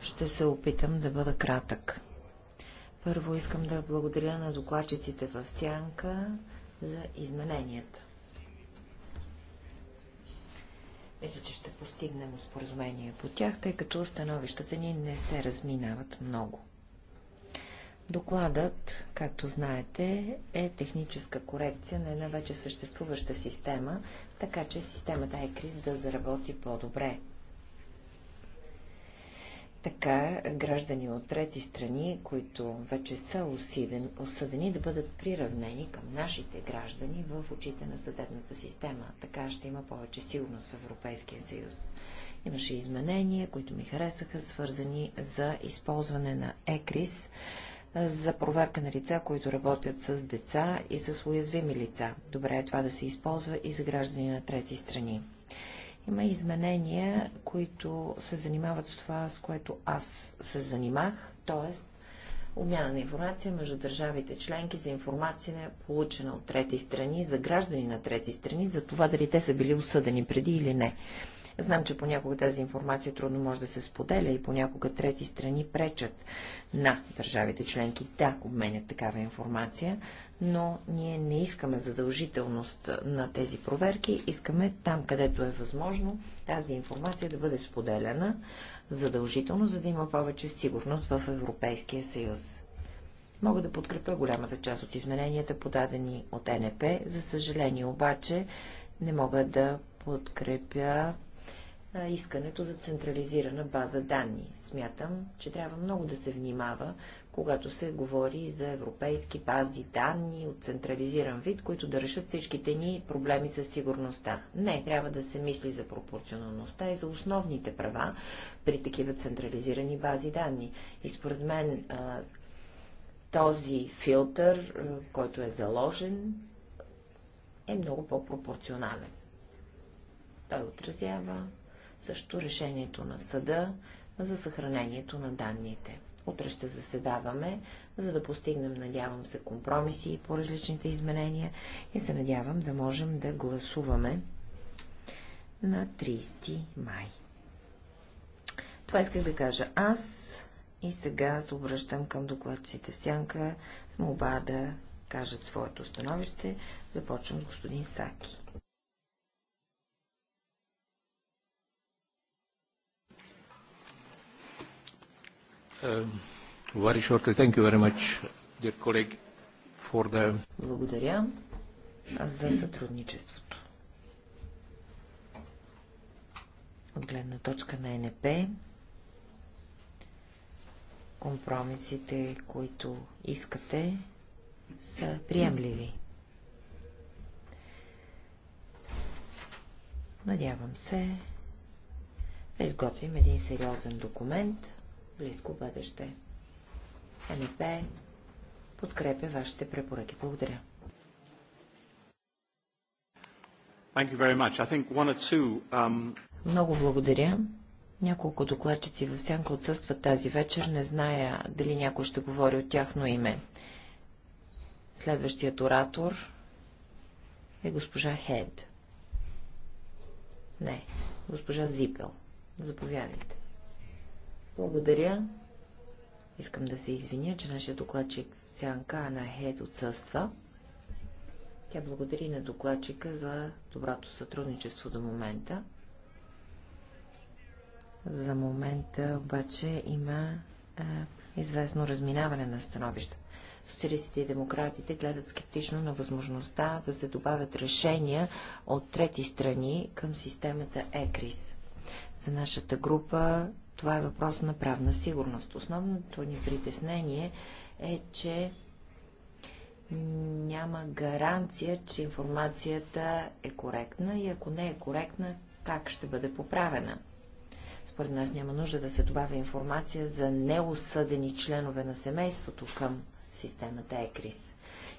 Ще се опитам да бъда кратък. Първо искам да благодаря на докладчиците в Сянка, за измененията. Мисля, че ще постигнем споразумение по тях, тъй като становищата ни не се разминават много. Докладът, както знаете, е техническа корекция на една вече съществуваща система, така че системата ECRIS да заработи по-добре. Така граждани от трети страни, които вече са осъден, осъдени да бъдат приравнени към нашите граждани в очите на съдебната система. Така ще има повече сигурност в Европейския съюз. Имаше изменения, които ми харесаха, свързани за използване на ЕКРИС за проверка на лица, които работят с деца и с уязвими лица. Добре е това да се използва и за граждани на трети страни. Има изменения, които се занимават с това, с което аз се занимах, т.е. умяна на информация между държавите членки за информация, получена от трети страни, за граждани на трети страни, за това дали те са били осъдени преди или не. Знам, че понякога тази информация трудно може да се споделя и понякога трети страни пречат на държавите членки да обменят такава информация, но ние не искаме задължителност на тези проверки, искаме там, където е възможно, тази информация да бъде споделена задължително, за да има повече сигурност в Европейския съюз. Мога да подкрепя голямата част от измененията, подадени от НП. За съжаление обаче, не мога да подкрепя искането за централизирана база данни. Смятам, че трябва много да се внимава, когато се говори за европейски бази данни от централизиран вид, които да решат всичките ни проблеми със сигурността. Не, трябва да се мисли за пропорционалността и за основните права при такива централизирани бази данни. И според мен този филтър, който е заложен, е много по-пропорционален. Той отразява също решението на съда за съхранението на данните. Утре ще заседаваме, за да постигнем, надявам се, компромиси по различните изменения и се надявам да можем да гласуваме на 30 май. Това исках да кажа аз и сега се обръщам към докладчиците в сянка с молба да кажат своето становище. Започвам с господин Саки. Um, very shortly, thank you very much, dear colleague, for the... Благодаря за сътрудничеството. От гледна точка на НП, компромисите, които искате, са приемливи. Надявам се да изготвим един сериозен документ, близко бъдеще. НП подкрепя вашите препоръки. Благодаря. Two, um... Много благодаря. Няколко докладчици в сянка отсъстват тази вечер. Не зная дали някой ще говори от тяхно име. Следващият оратор е госпожа Хед. Не, госпожа Зипел. Заповядайте. Благодаря. Искам да се извиня, че нашия докладчик Сянка Анахед отсъства. Тя благодари на докладчика за доброто сътрудничество до момента. За момента обаче има е, известно разминаване на становища. Социалистите и демократите гледат скептично на възможността да се добавят решения от трети страни към системата ЕКРИС. За нашата група това е въпрос на правна сигурност. Основното ни притеснение е, че няма гаранция, че информацията е коректна и ако не е коректна, как ще бъде поправена. Според нас няма нужда да се добавя информация за неосъдени членове на семейството към системата ЕКРИС.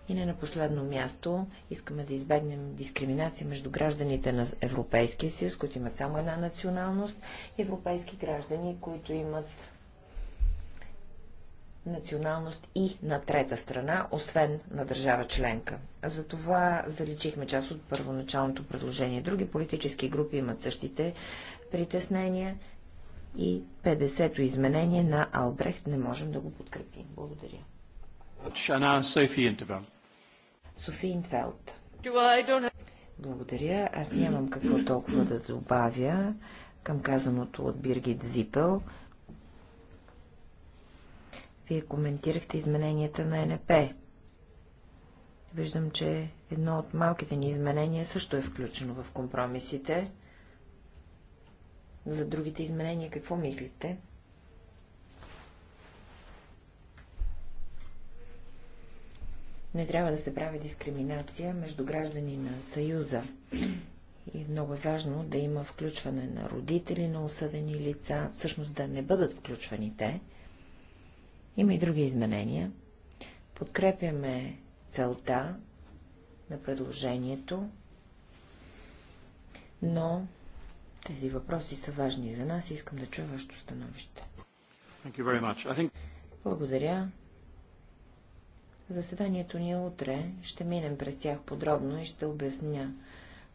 И не на последно място искаме да избегнем дискриминация между гражданите на Европейския съюз, които имат само една националност, и европейски граждани, които имат националност и на трета страна, освен на държава членка. Затова заличихме част от първоначалното предложение. Други политически групи имат същите притеснения и 50-то изменение на Албрехт не можем да го подкрепим. Благодаря. Шана Софи Интервал. Софи Интвелт. Благодаря. Аз нямам какво толкова да добавя към казаното от Биргит Зипел. Вие коментирахте измененията на НП. Виждам, че едно от малките ни изменения също е включено в компромисите. За другите изменения какво мислите? Не трябва да се прави дискриминация между граждани на Съюза. И много е важно да има включване на родители на осъдени лица, всъщност да не бъдат включвани те. Има и други изменения. Подкрепяме целта на предложението, но тези въпроси са важни за нас и искам да чуя вашето становище. Благодаря. Заседанието ни е утре. Ще минем през тях подробно и ще обясня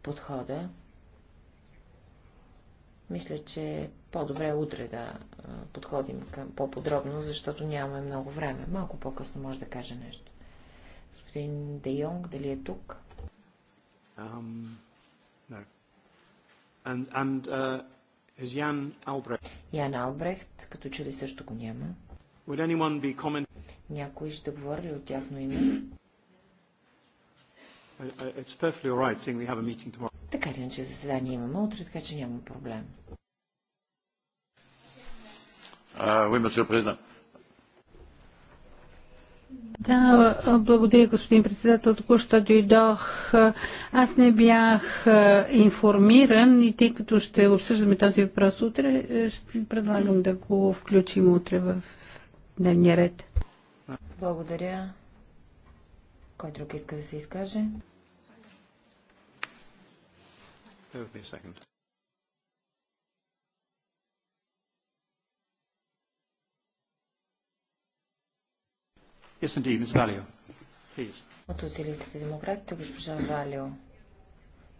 подхода. Мисля, че е по-добре утре да подходим към по-подробно, защото нямаме много време. Малко по-късно може да каже нещо. Господин Де Йонг, дали е тук? Um, no. and, and, uh, Ян Albrecht? Ян Албрехт, като че ли също го няма. Would anyone be някой ще говори ли от тяхно име? така ли, иначе заседание имаме утре, така че няма проблем. да, благодаря, господин председател. Току-що дойдох. Аз не бях информиран и тъй като ще обсъждаме този въпрос утре, е, ще предлагам да го включим утре в дневния ред. Благодаря. Кой друг иска да се изкаже? От социалистите демократите, госпожа Валио.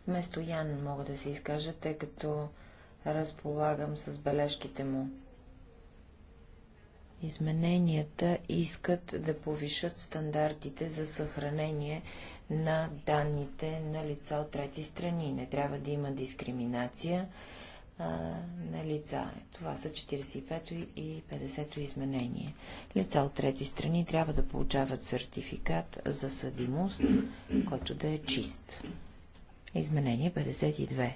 Вместо Ян мога да се изкажа, тъй като разполагам с бележките му. Измененията искат да повишат стандартите за съхранение на данните на лица от трети страни. Не трябва да има дискриминация а, на лица. Това са 45-то и 50-то изменение. Лица от трети страни трябва да получават сертификат за съдимост, който да е чист. Изменение 52.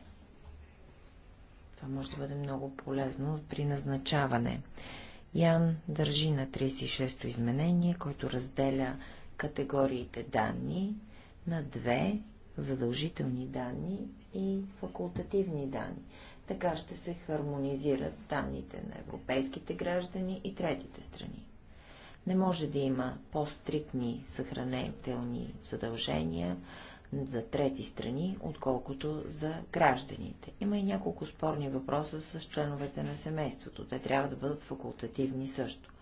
Това може да бъде много полезно при назначаване. Ян държи на 36-то изменение, който разделя категориите данни на две задължителни данни и факултативни данни. Така ще се хармонизират данните на европейските граждани и третите страни. Не може да има по-стрикни съхранителни задължения за трети страни, отколкото за гражданите. Има и няколко спорни въпроса с членовете на семейството. Те трябва да бъдат факултативни също.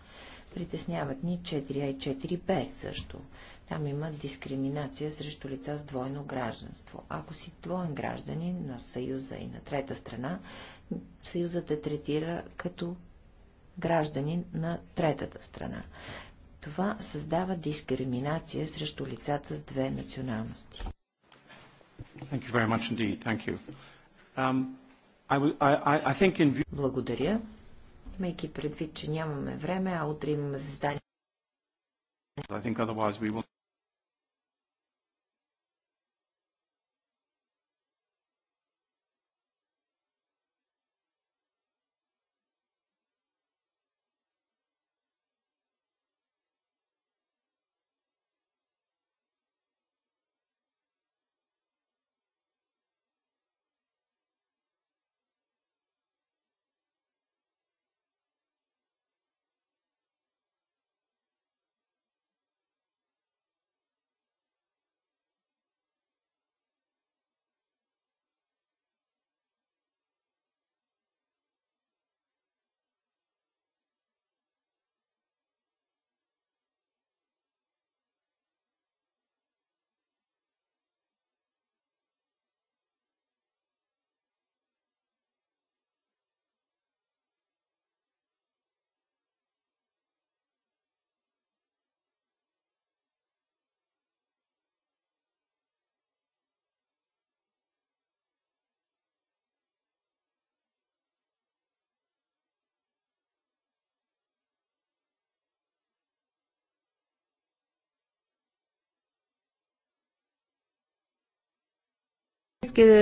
Притесняват ни 4А и 4Б също. Там има дискриминация срещу лица с двойно гражданство. Ако си двоен гражданин на Съюза и на трета страна, Съюзът те третира като гражданин на третата страна. Това създава дискриминация срещу лицата с две националности. Thank you very much indeed. Thank you. Um, I, I, I think in... view... Благодаря. Имайки предвид, че нямаме време, а утре имаме заседание. I think otherwise we will... que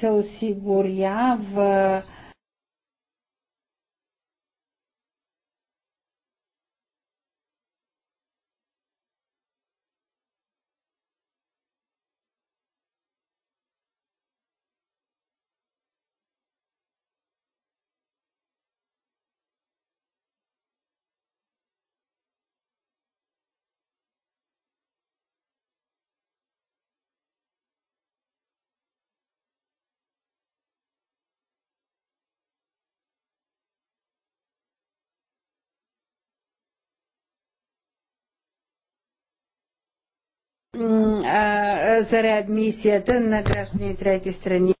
се осигурява за реадмисията на граждани трети страни.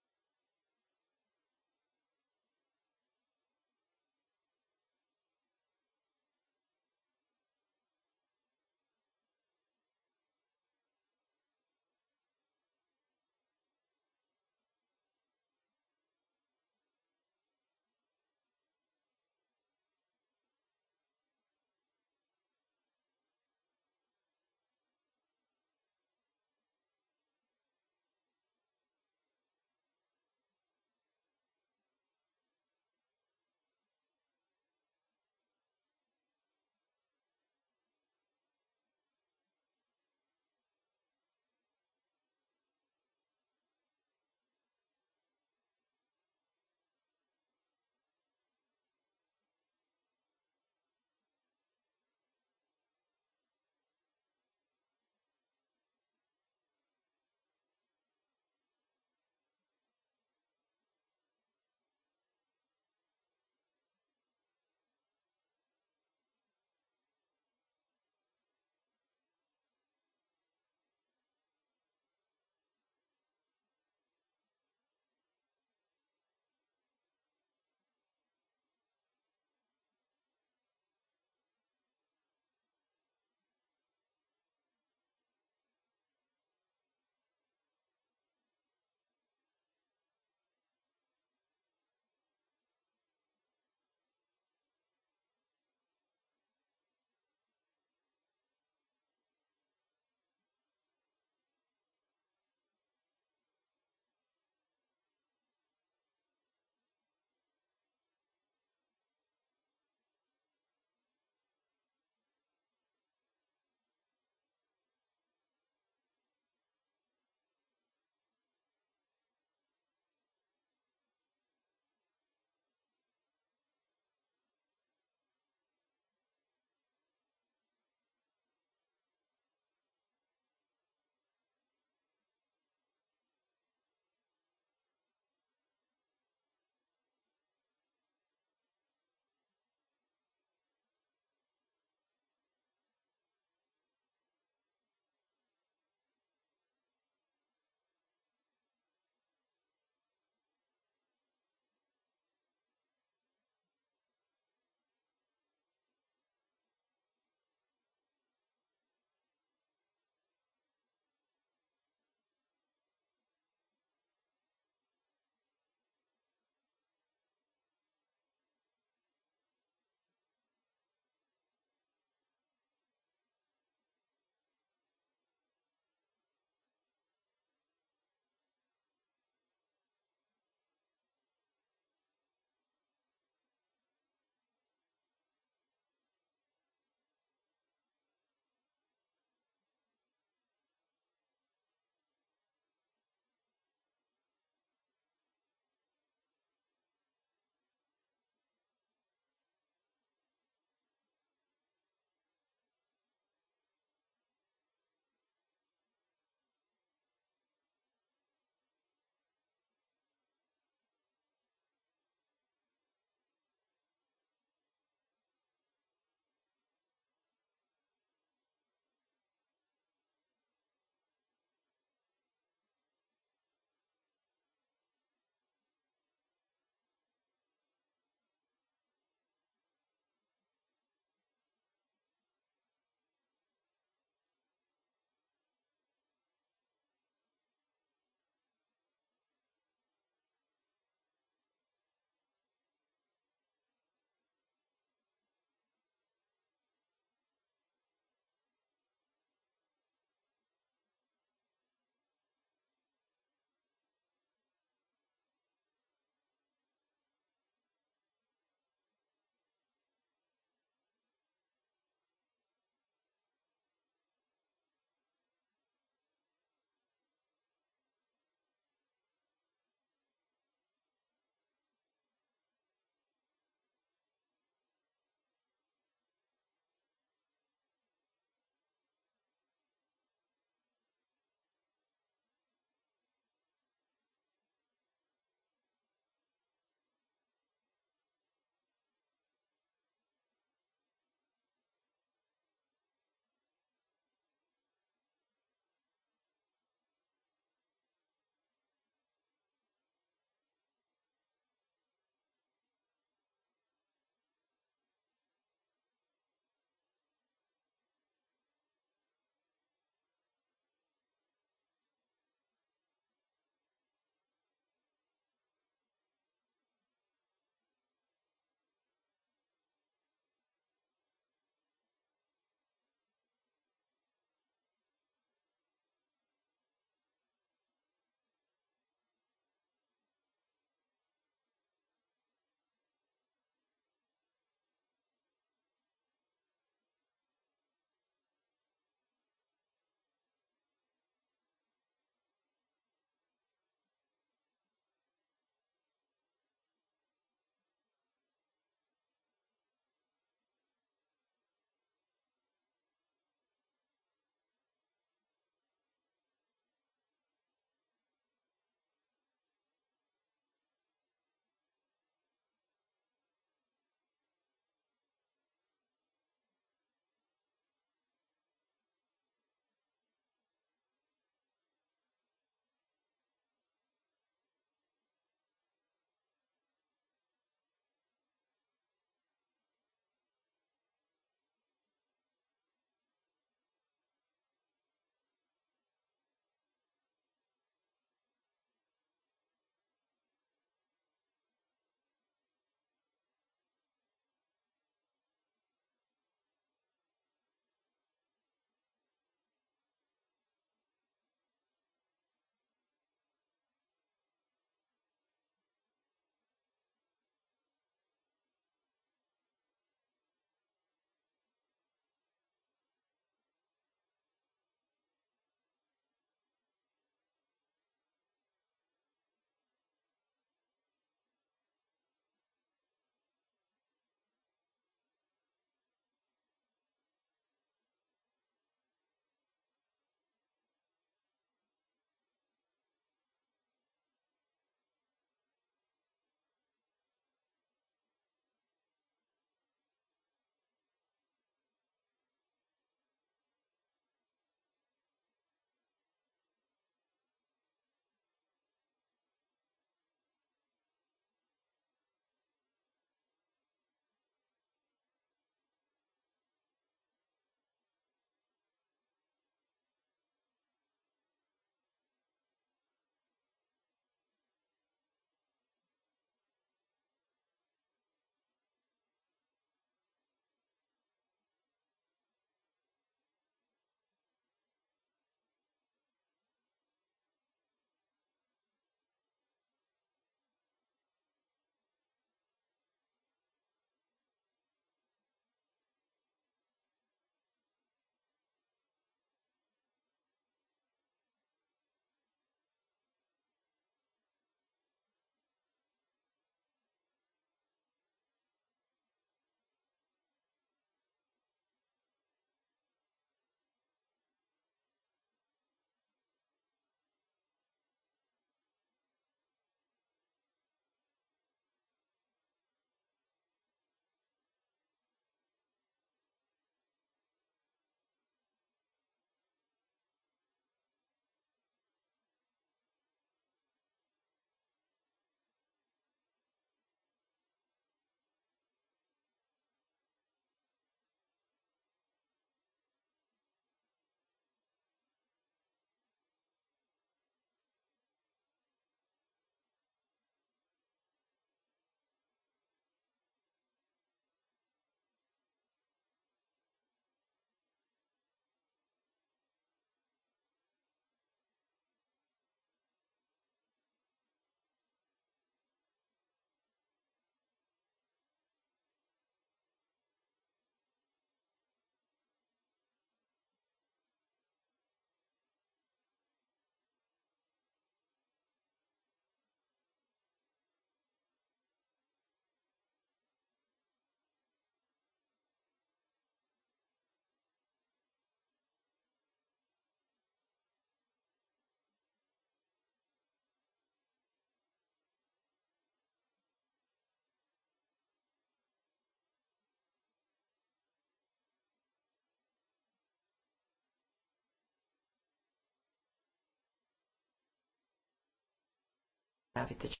че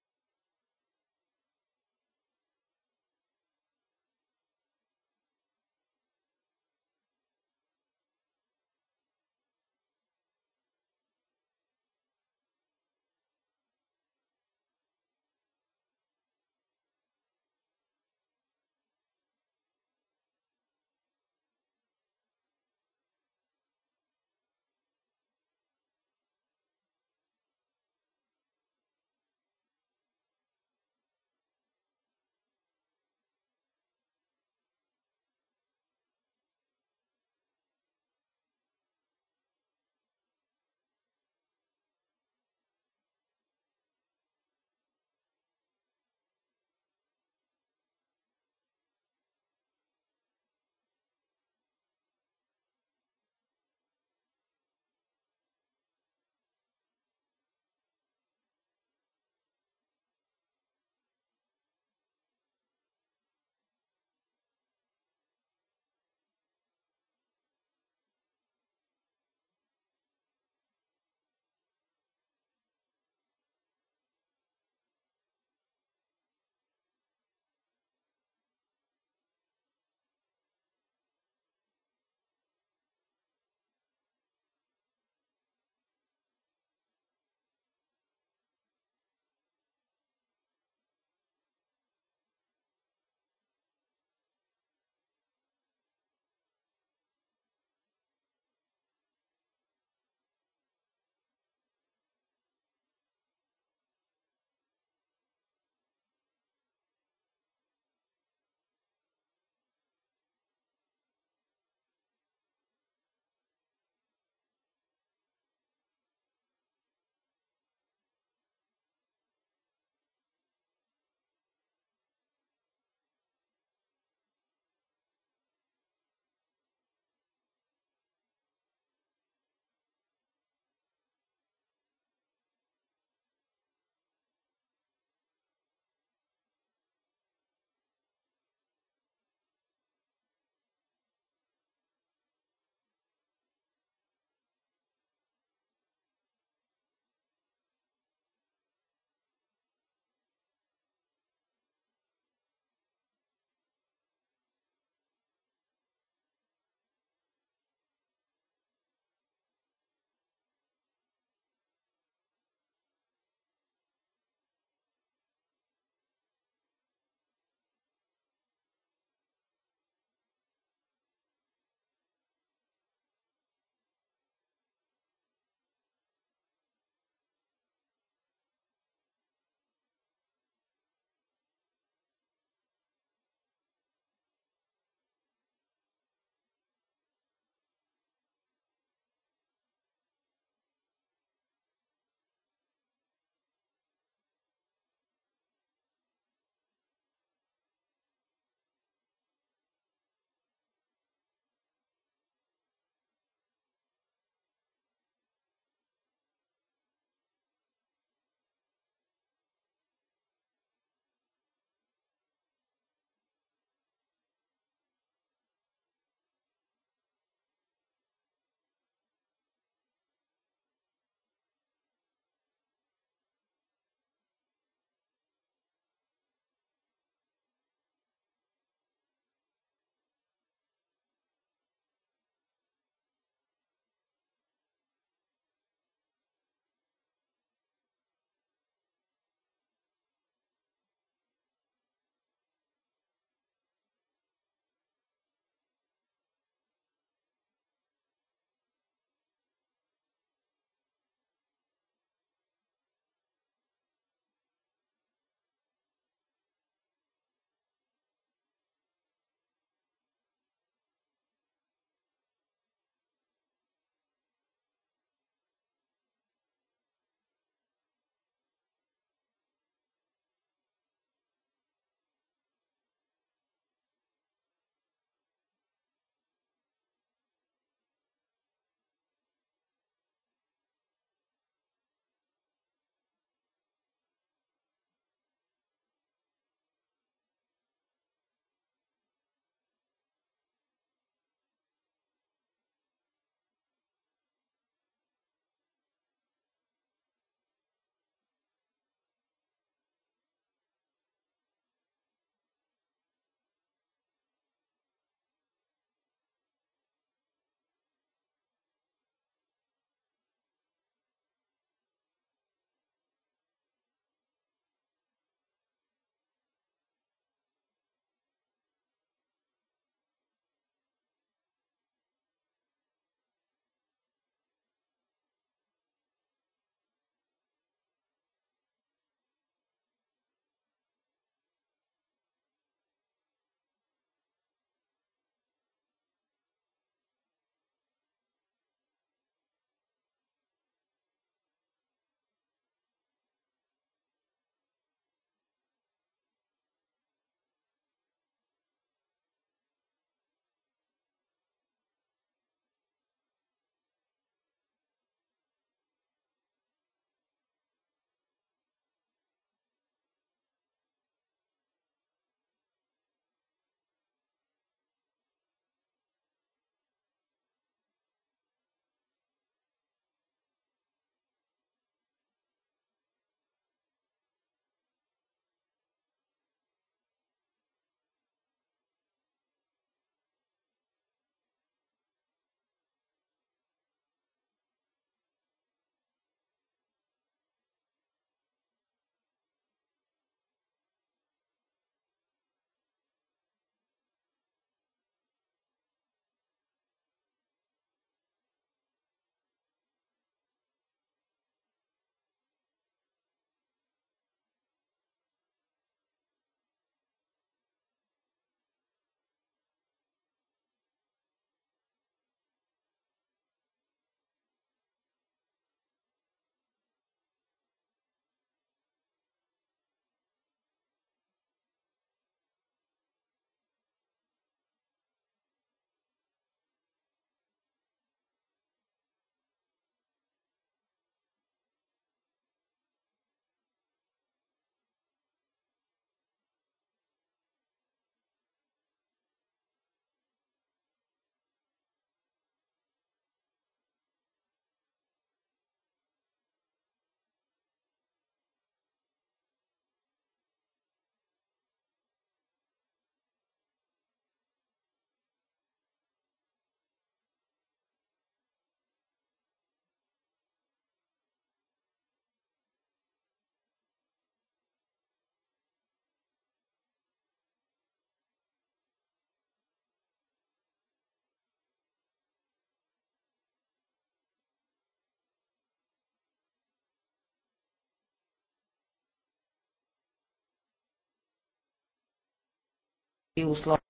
и условия.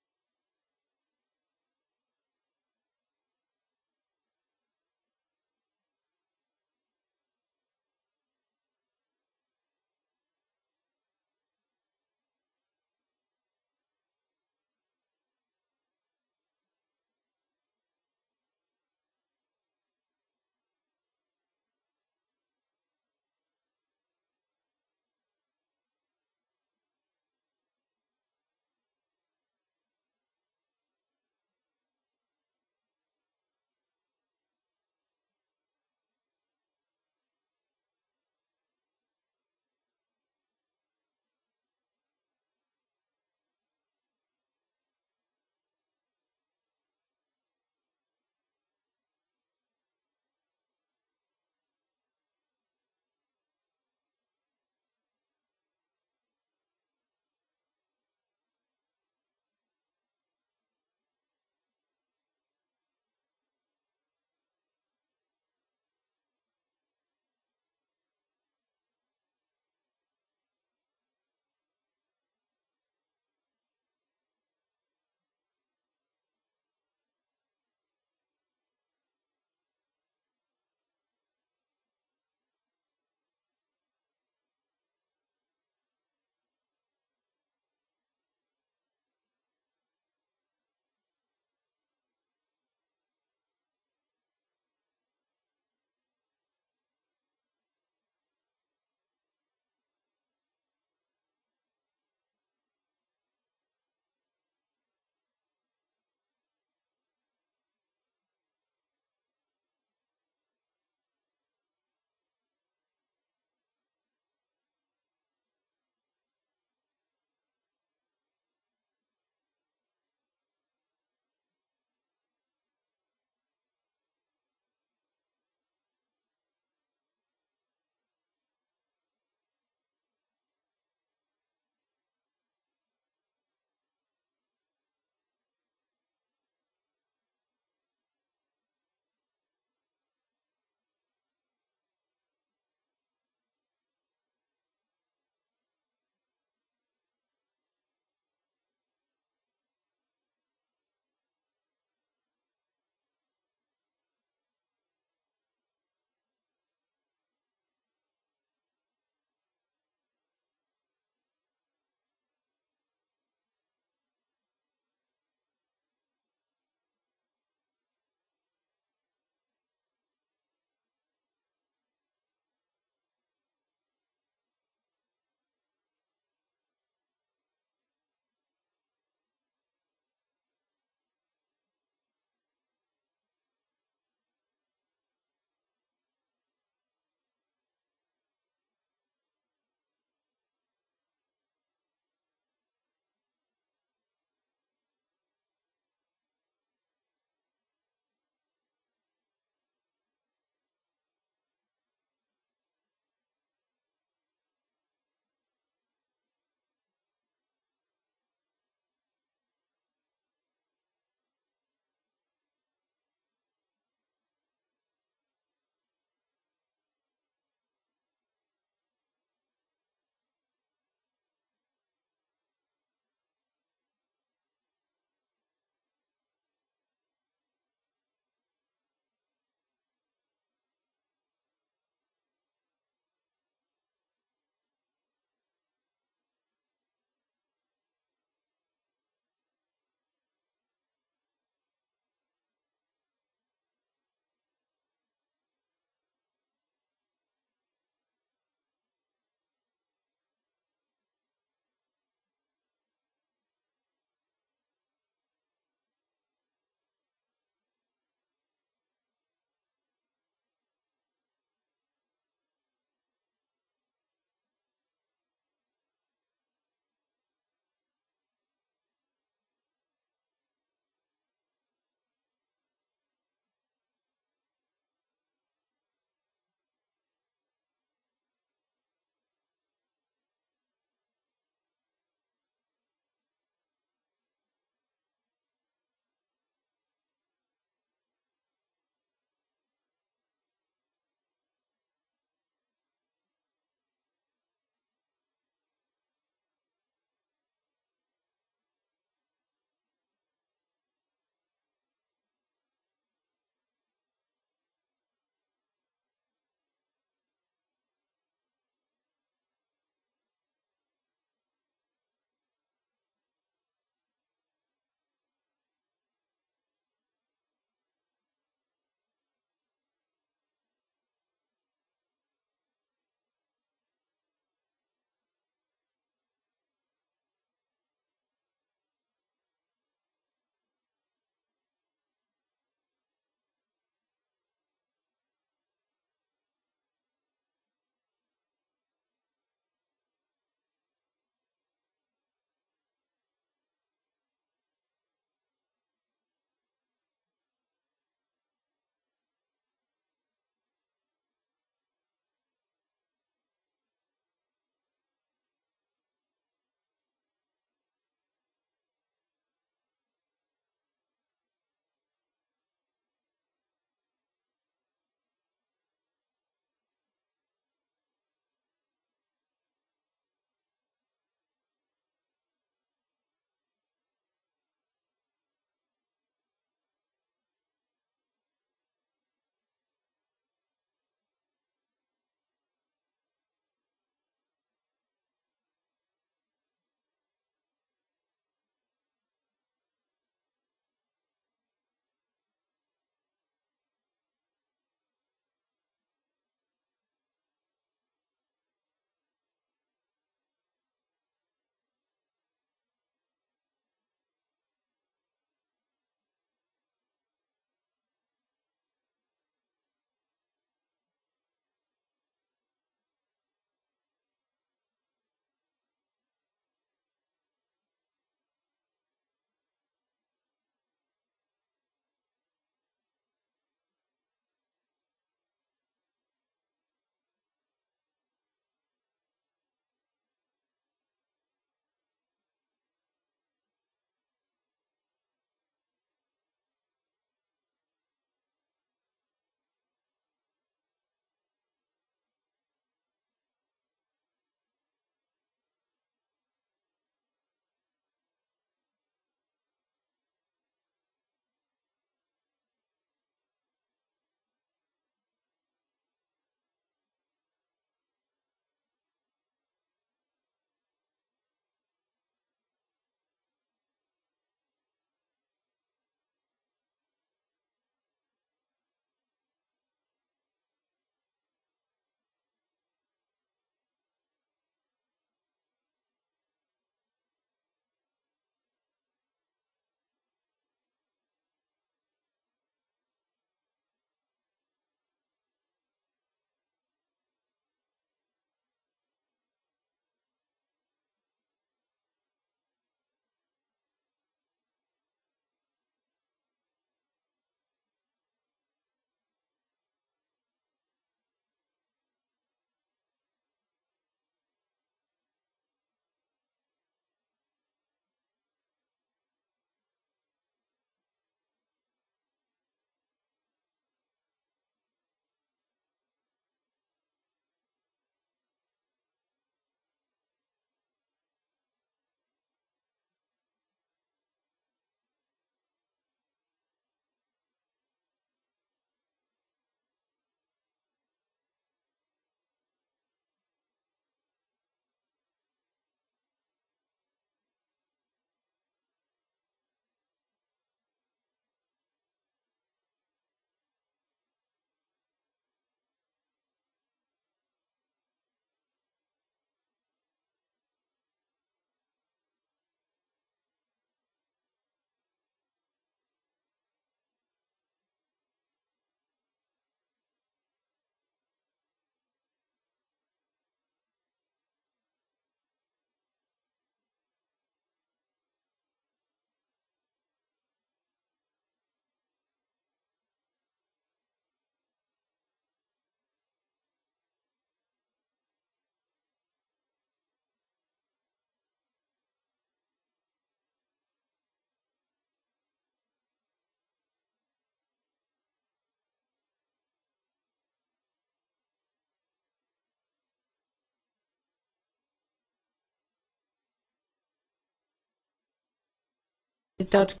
Точка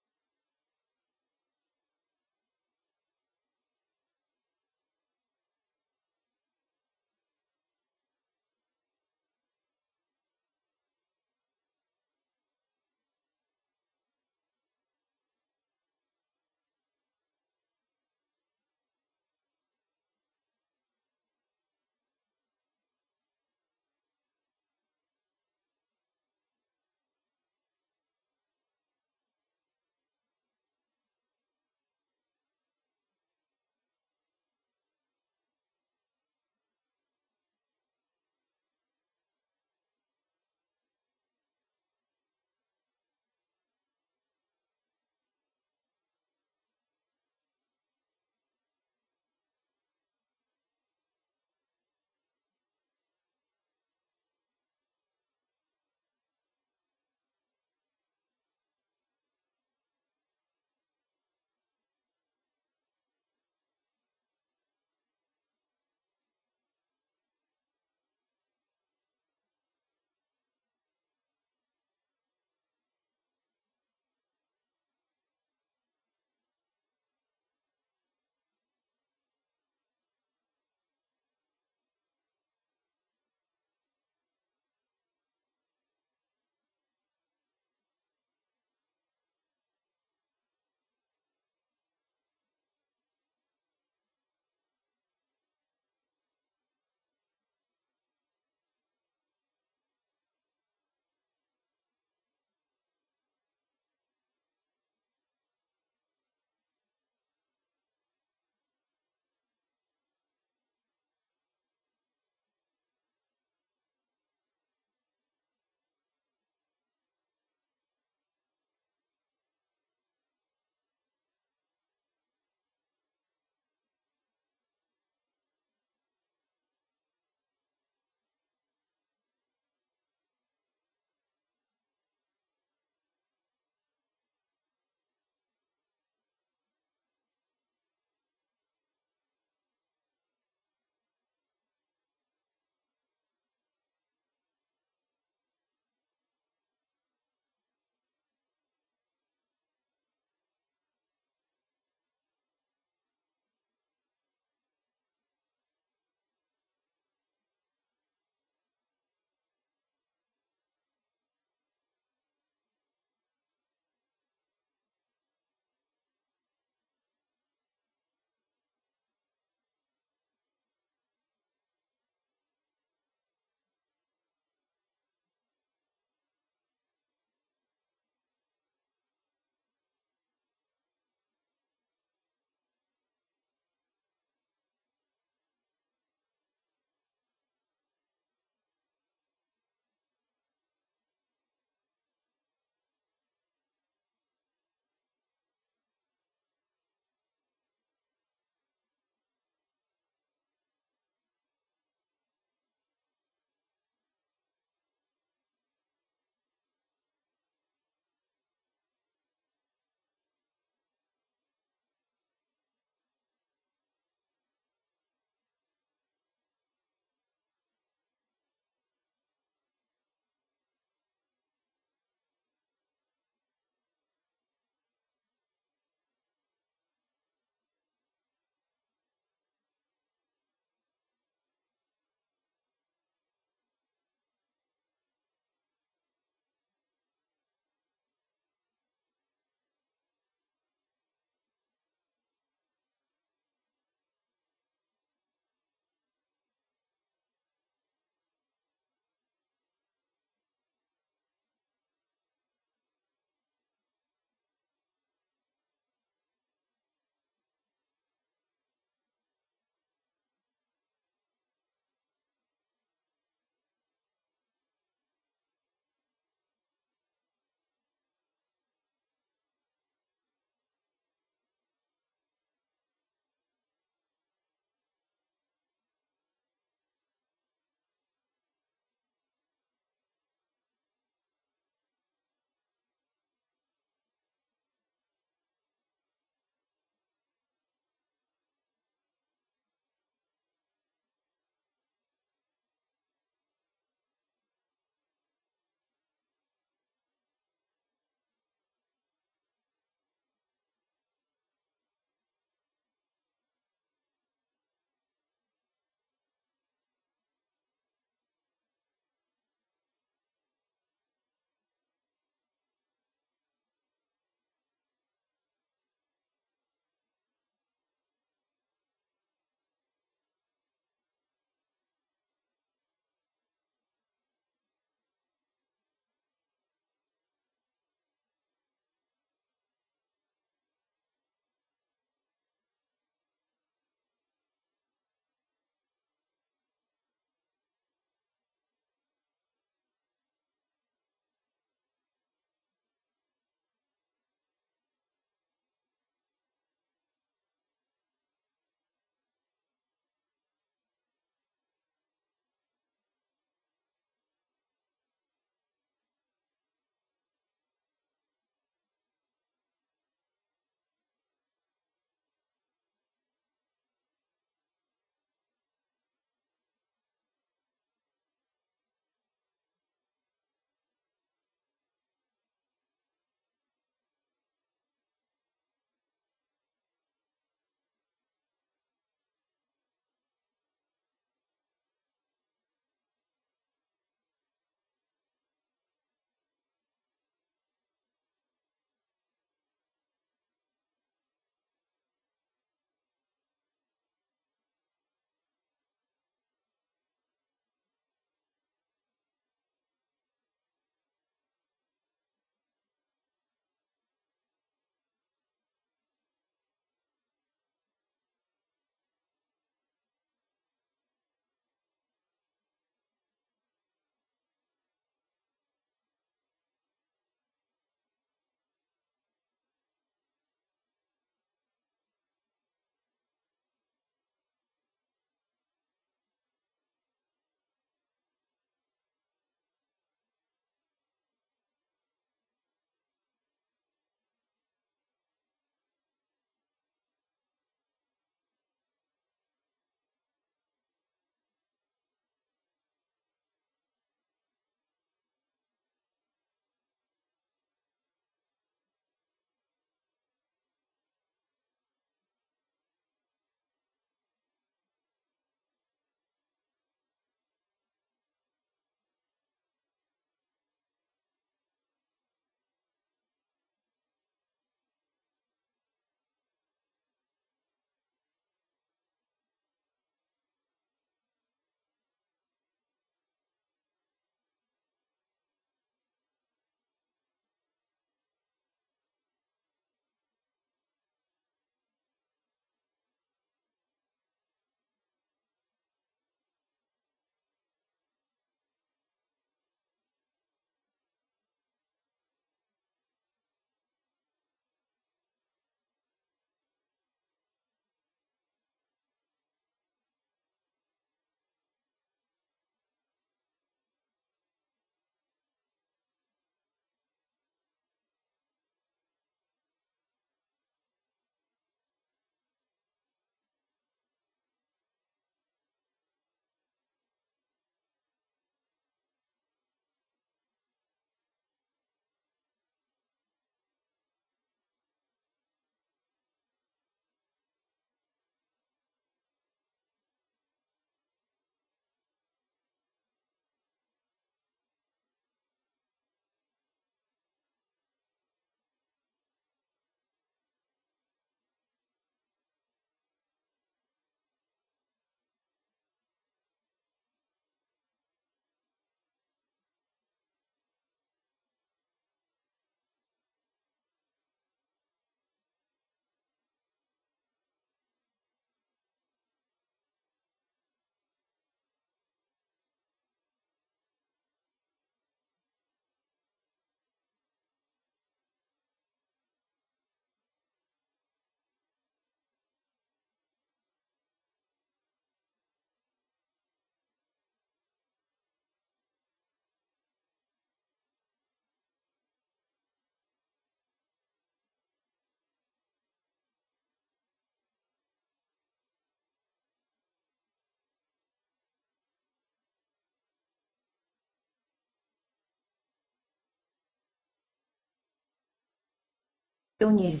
Тунис.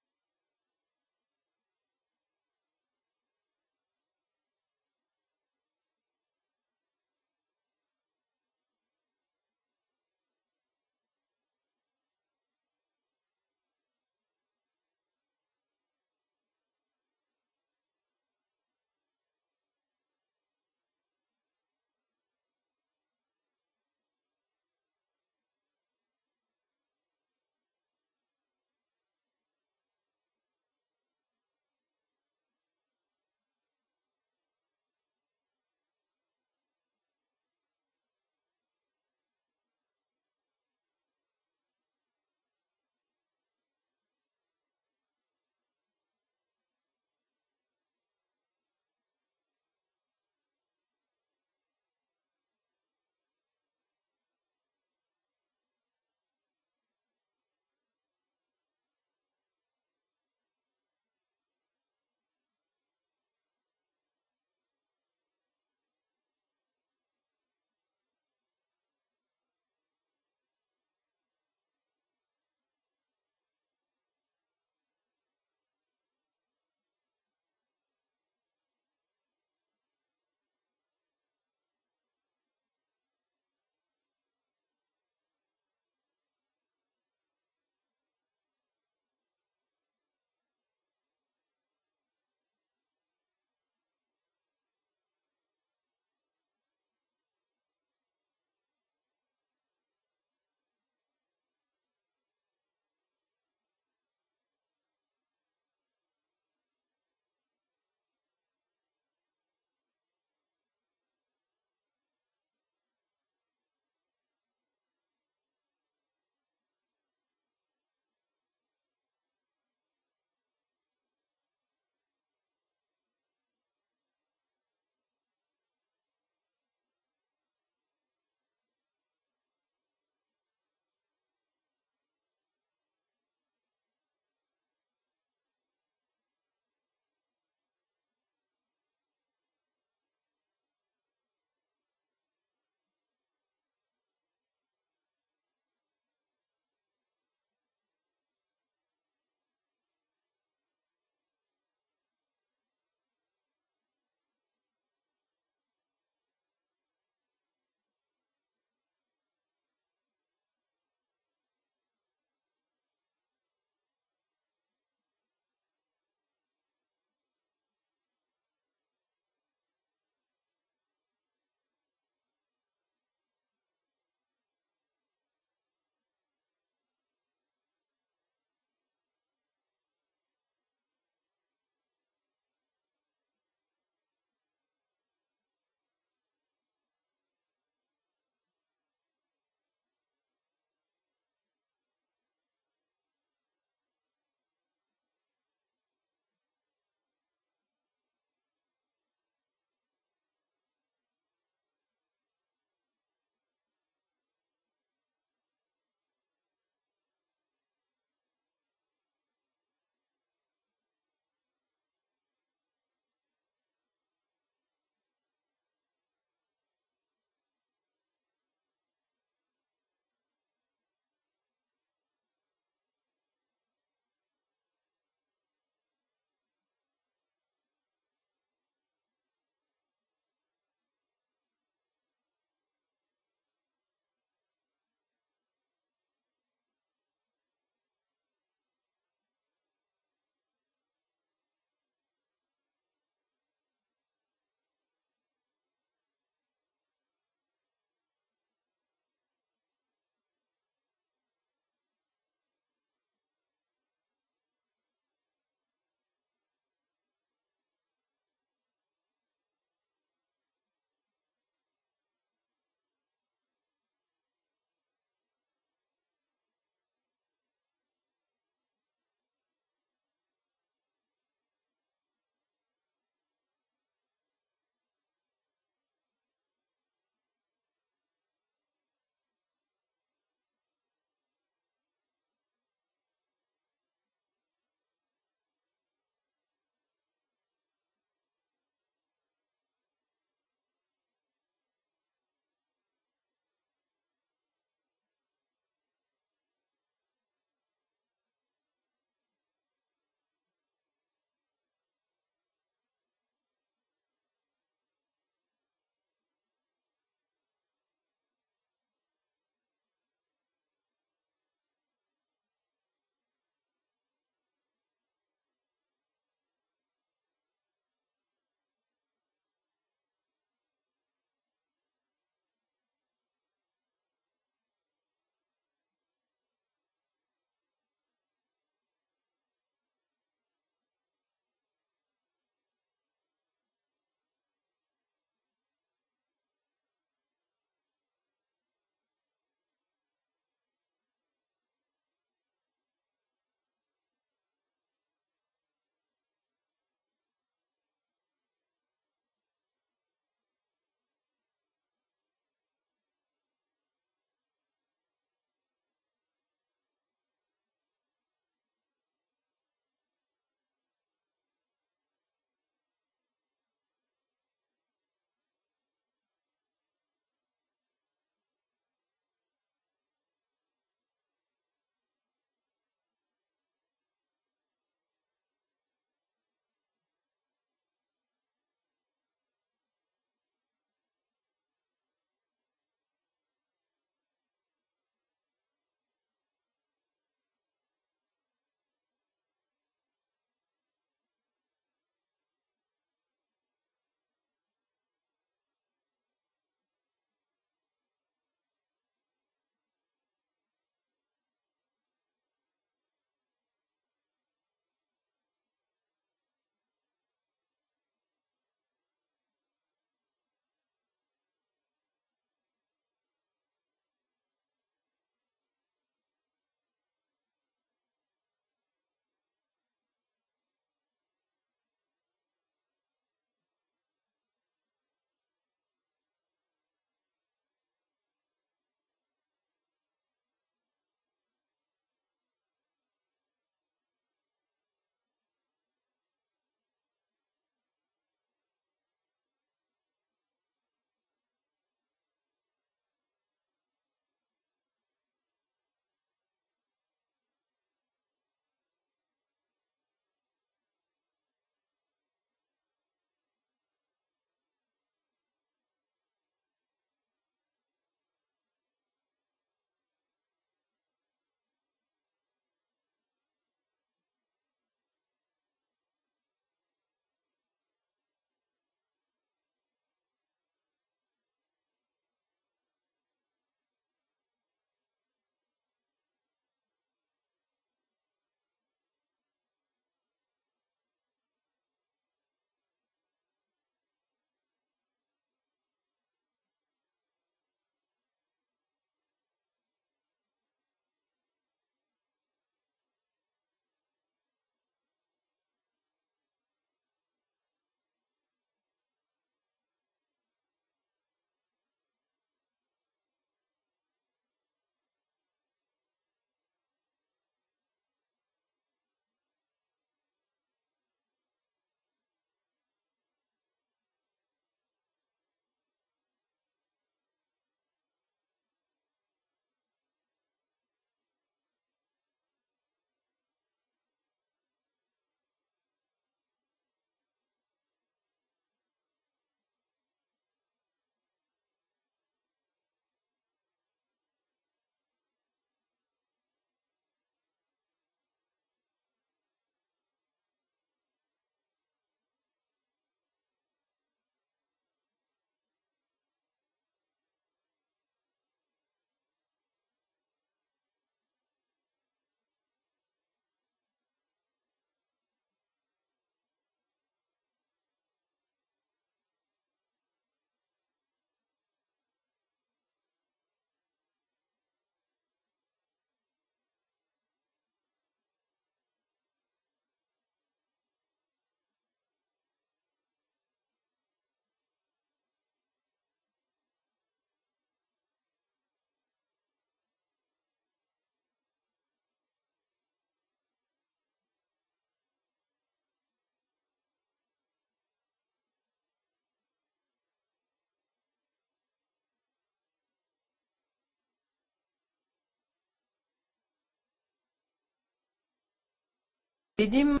видим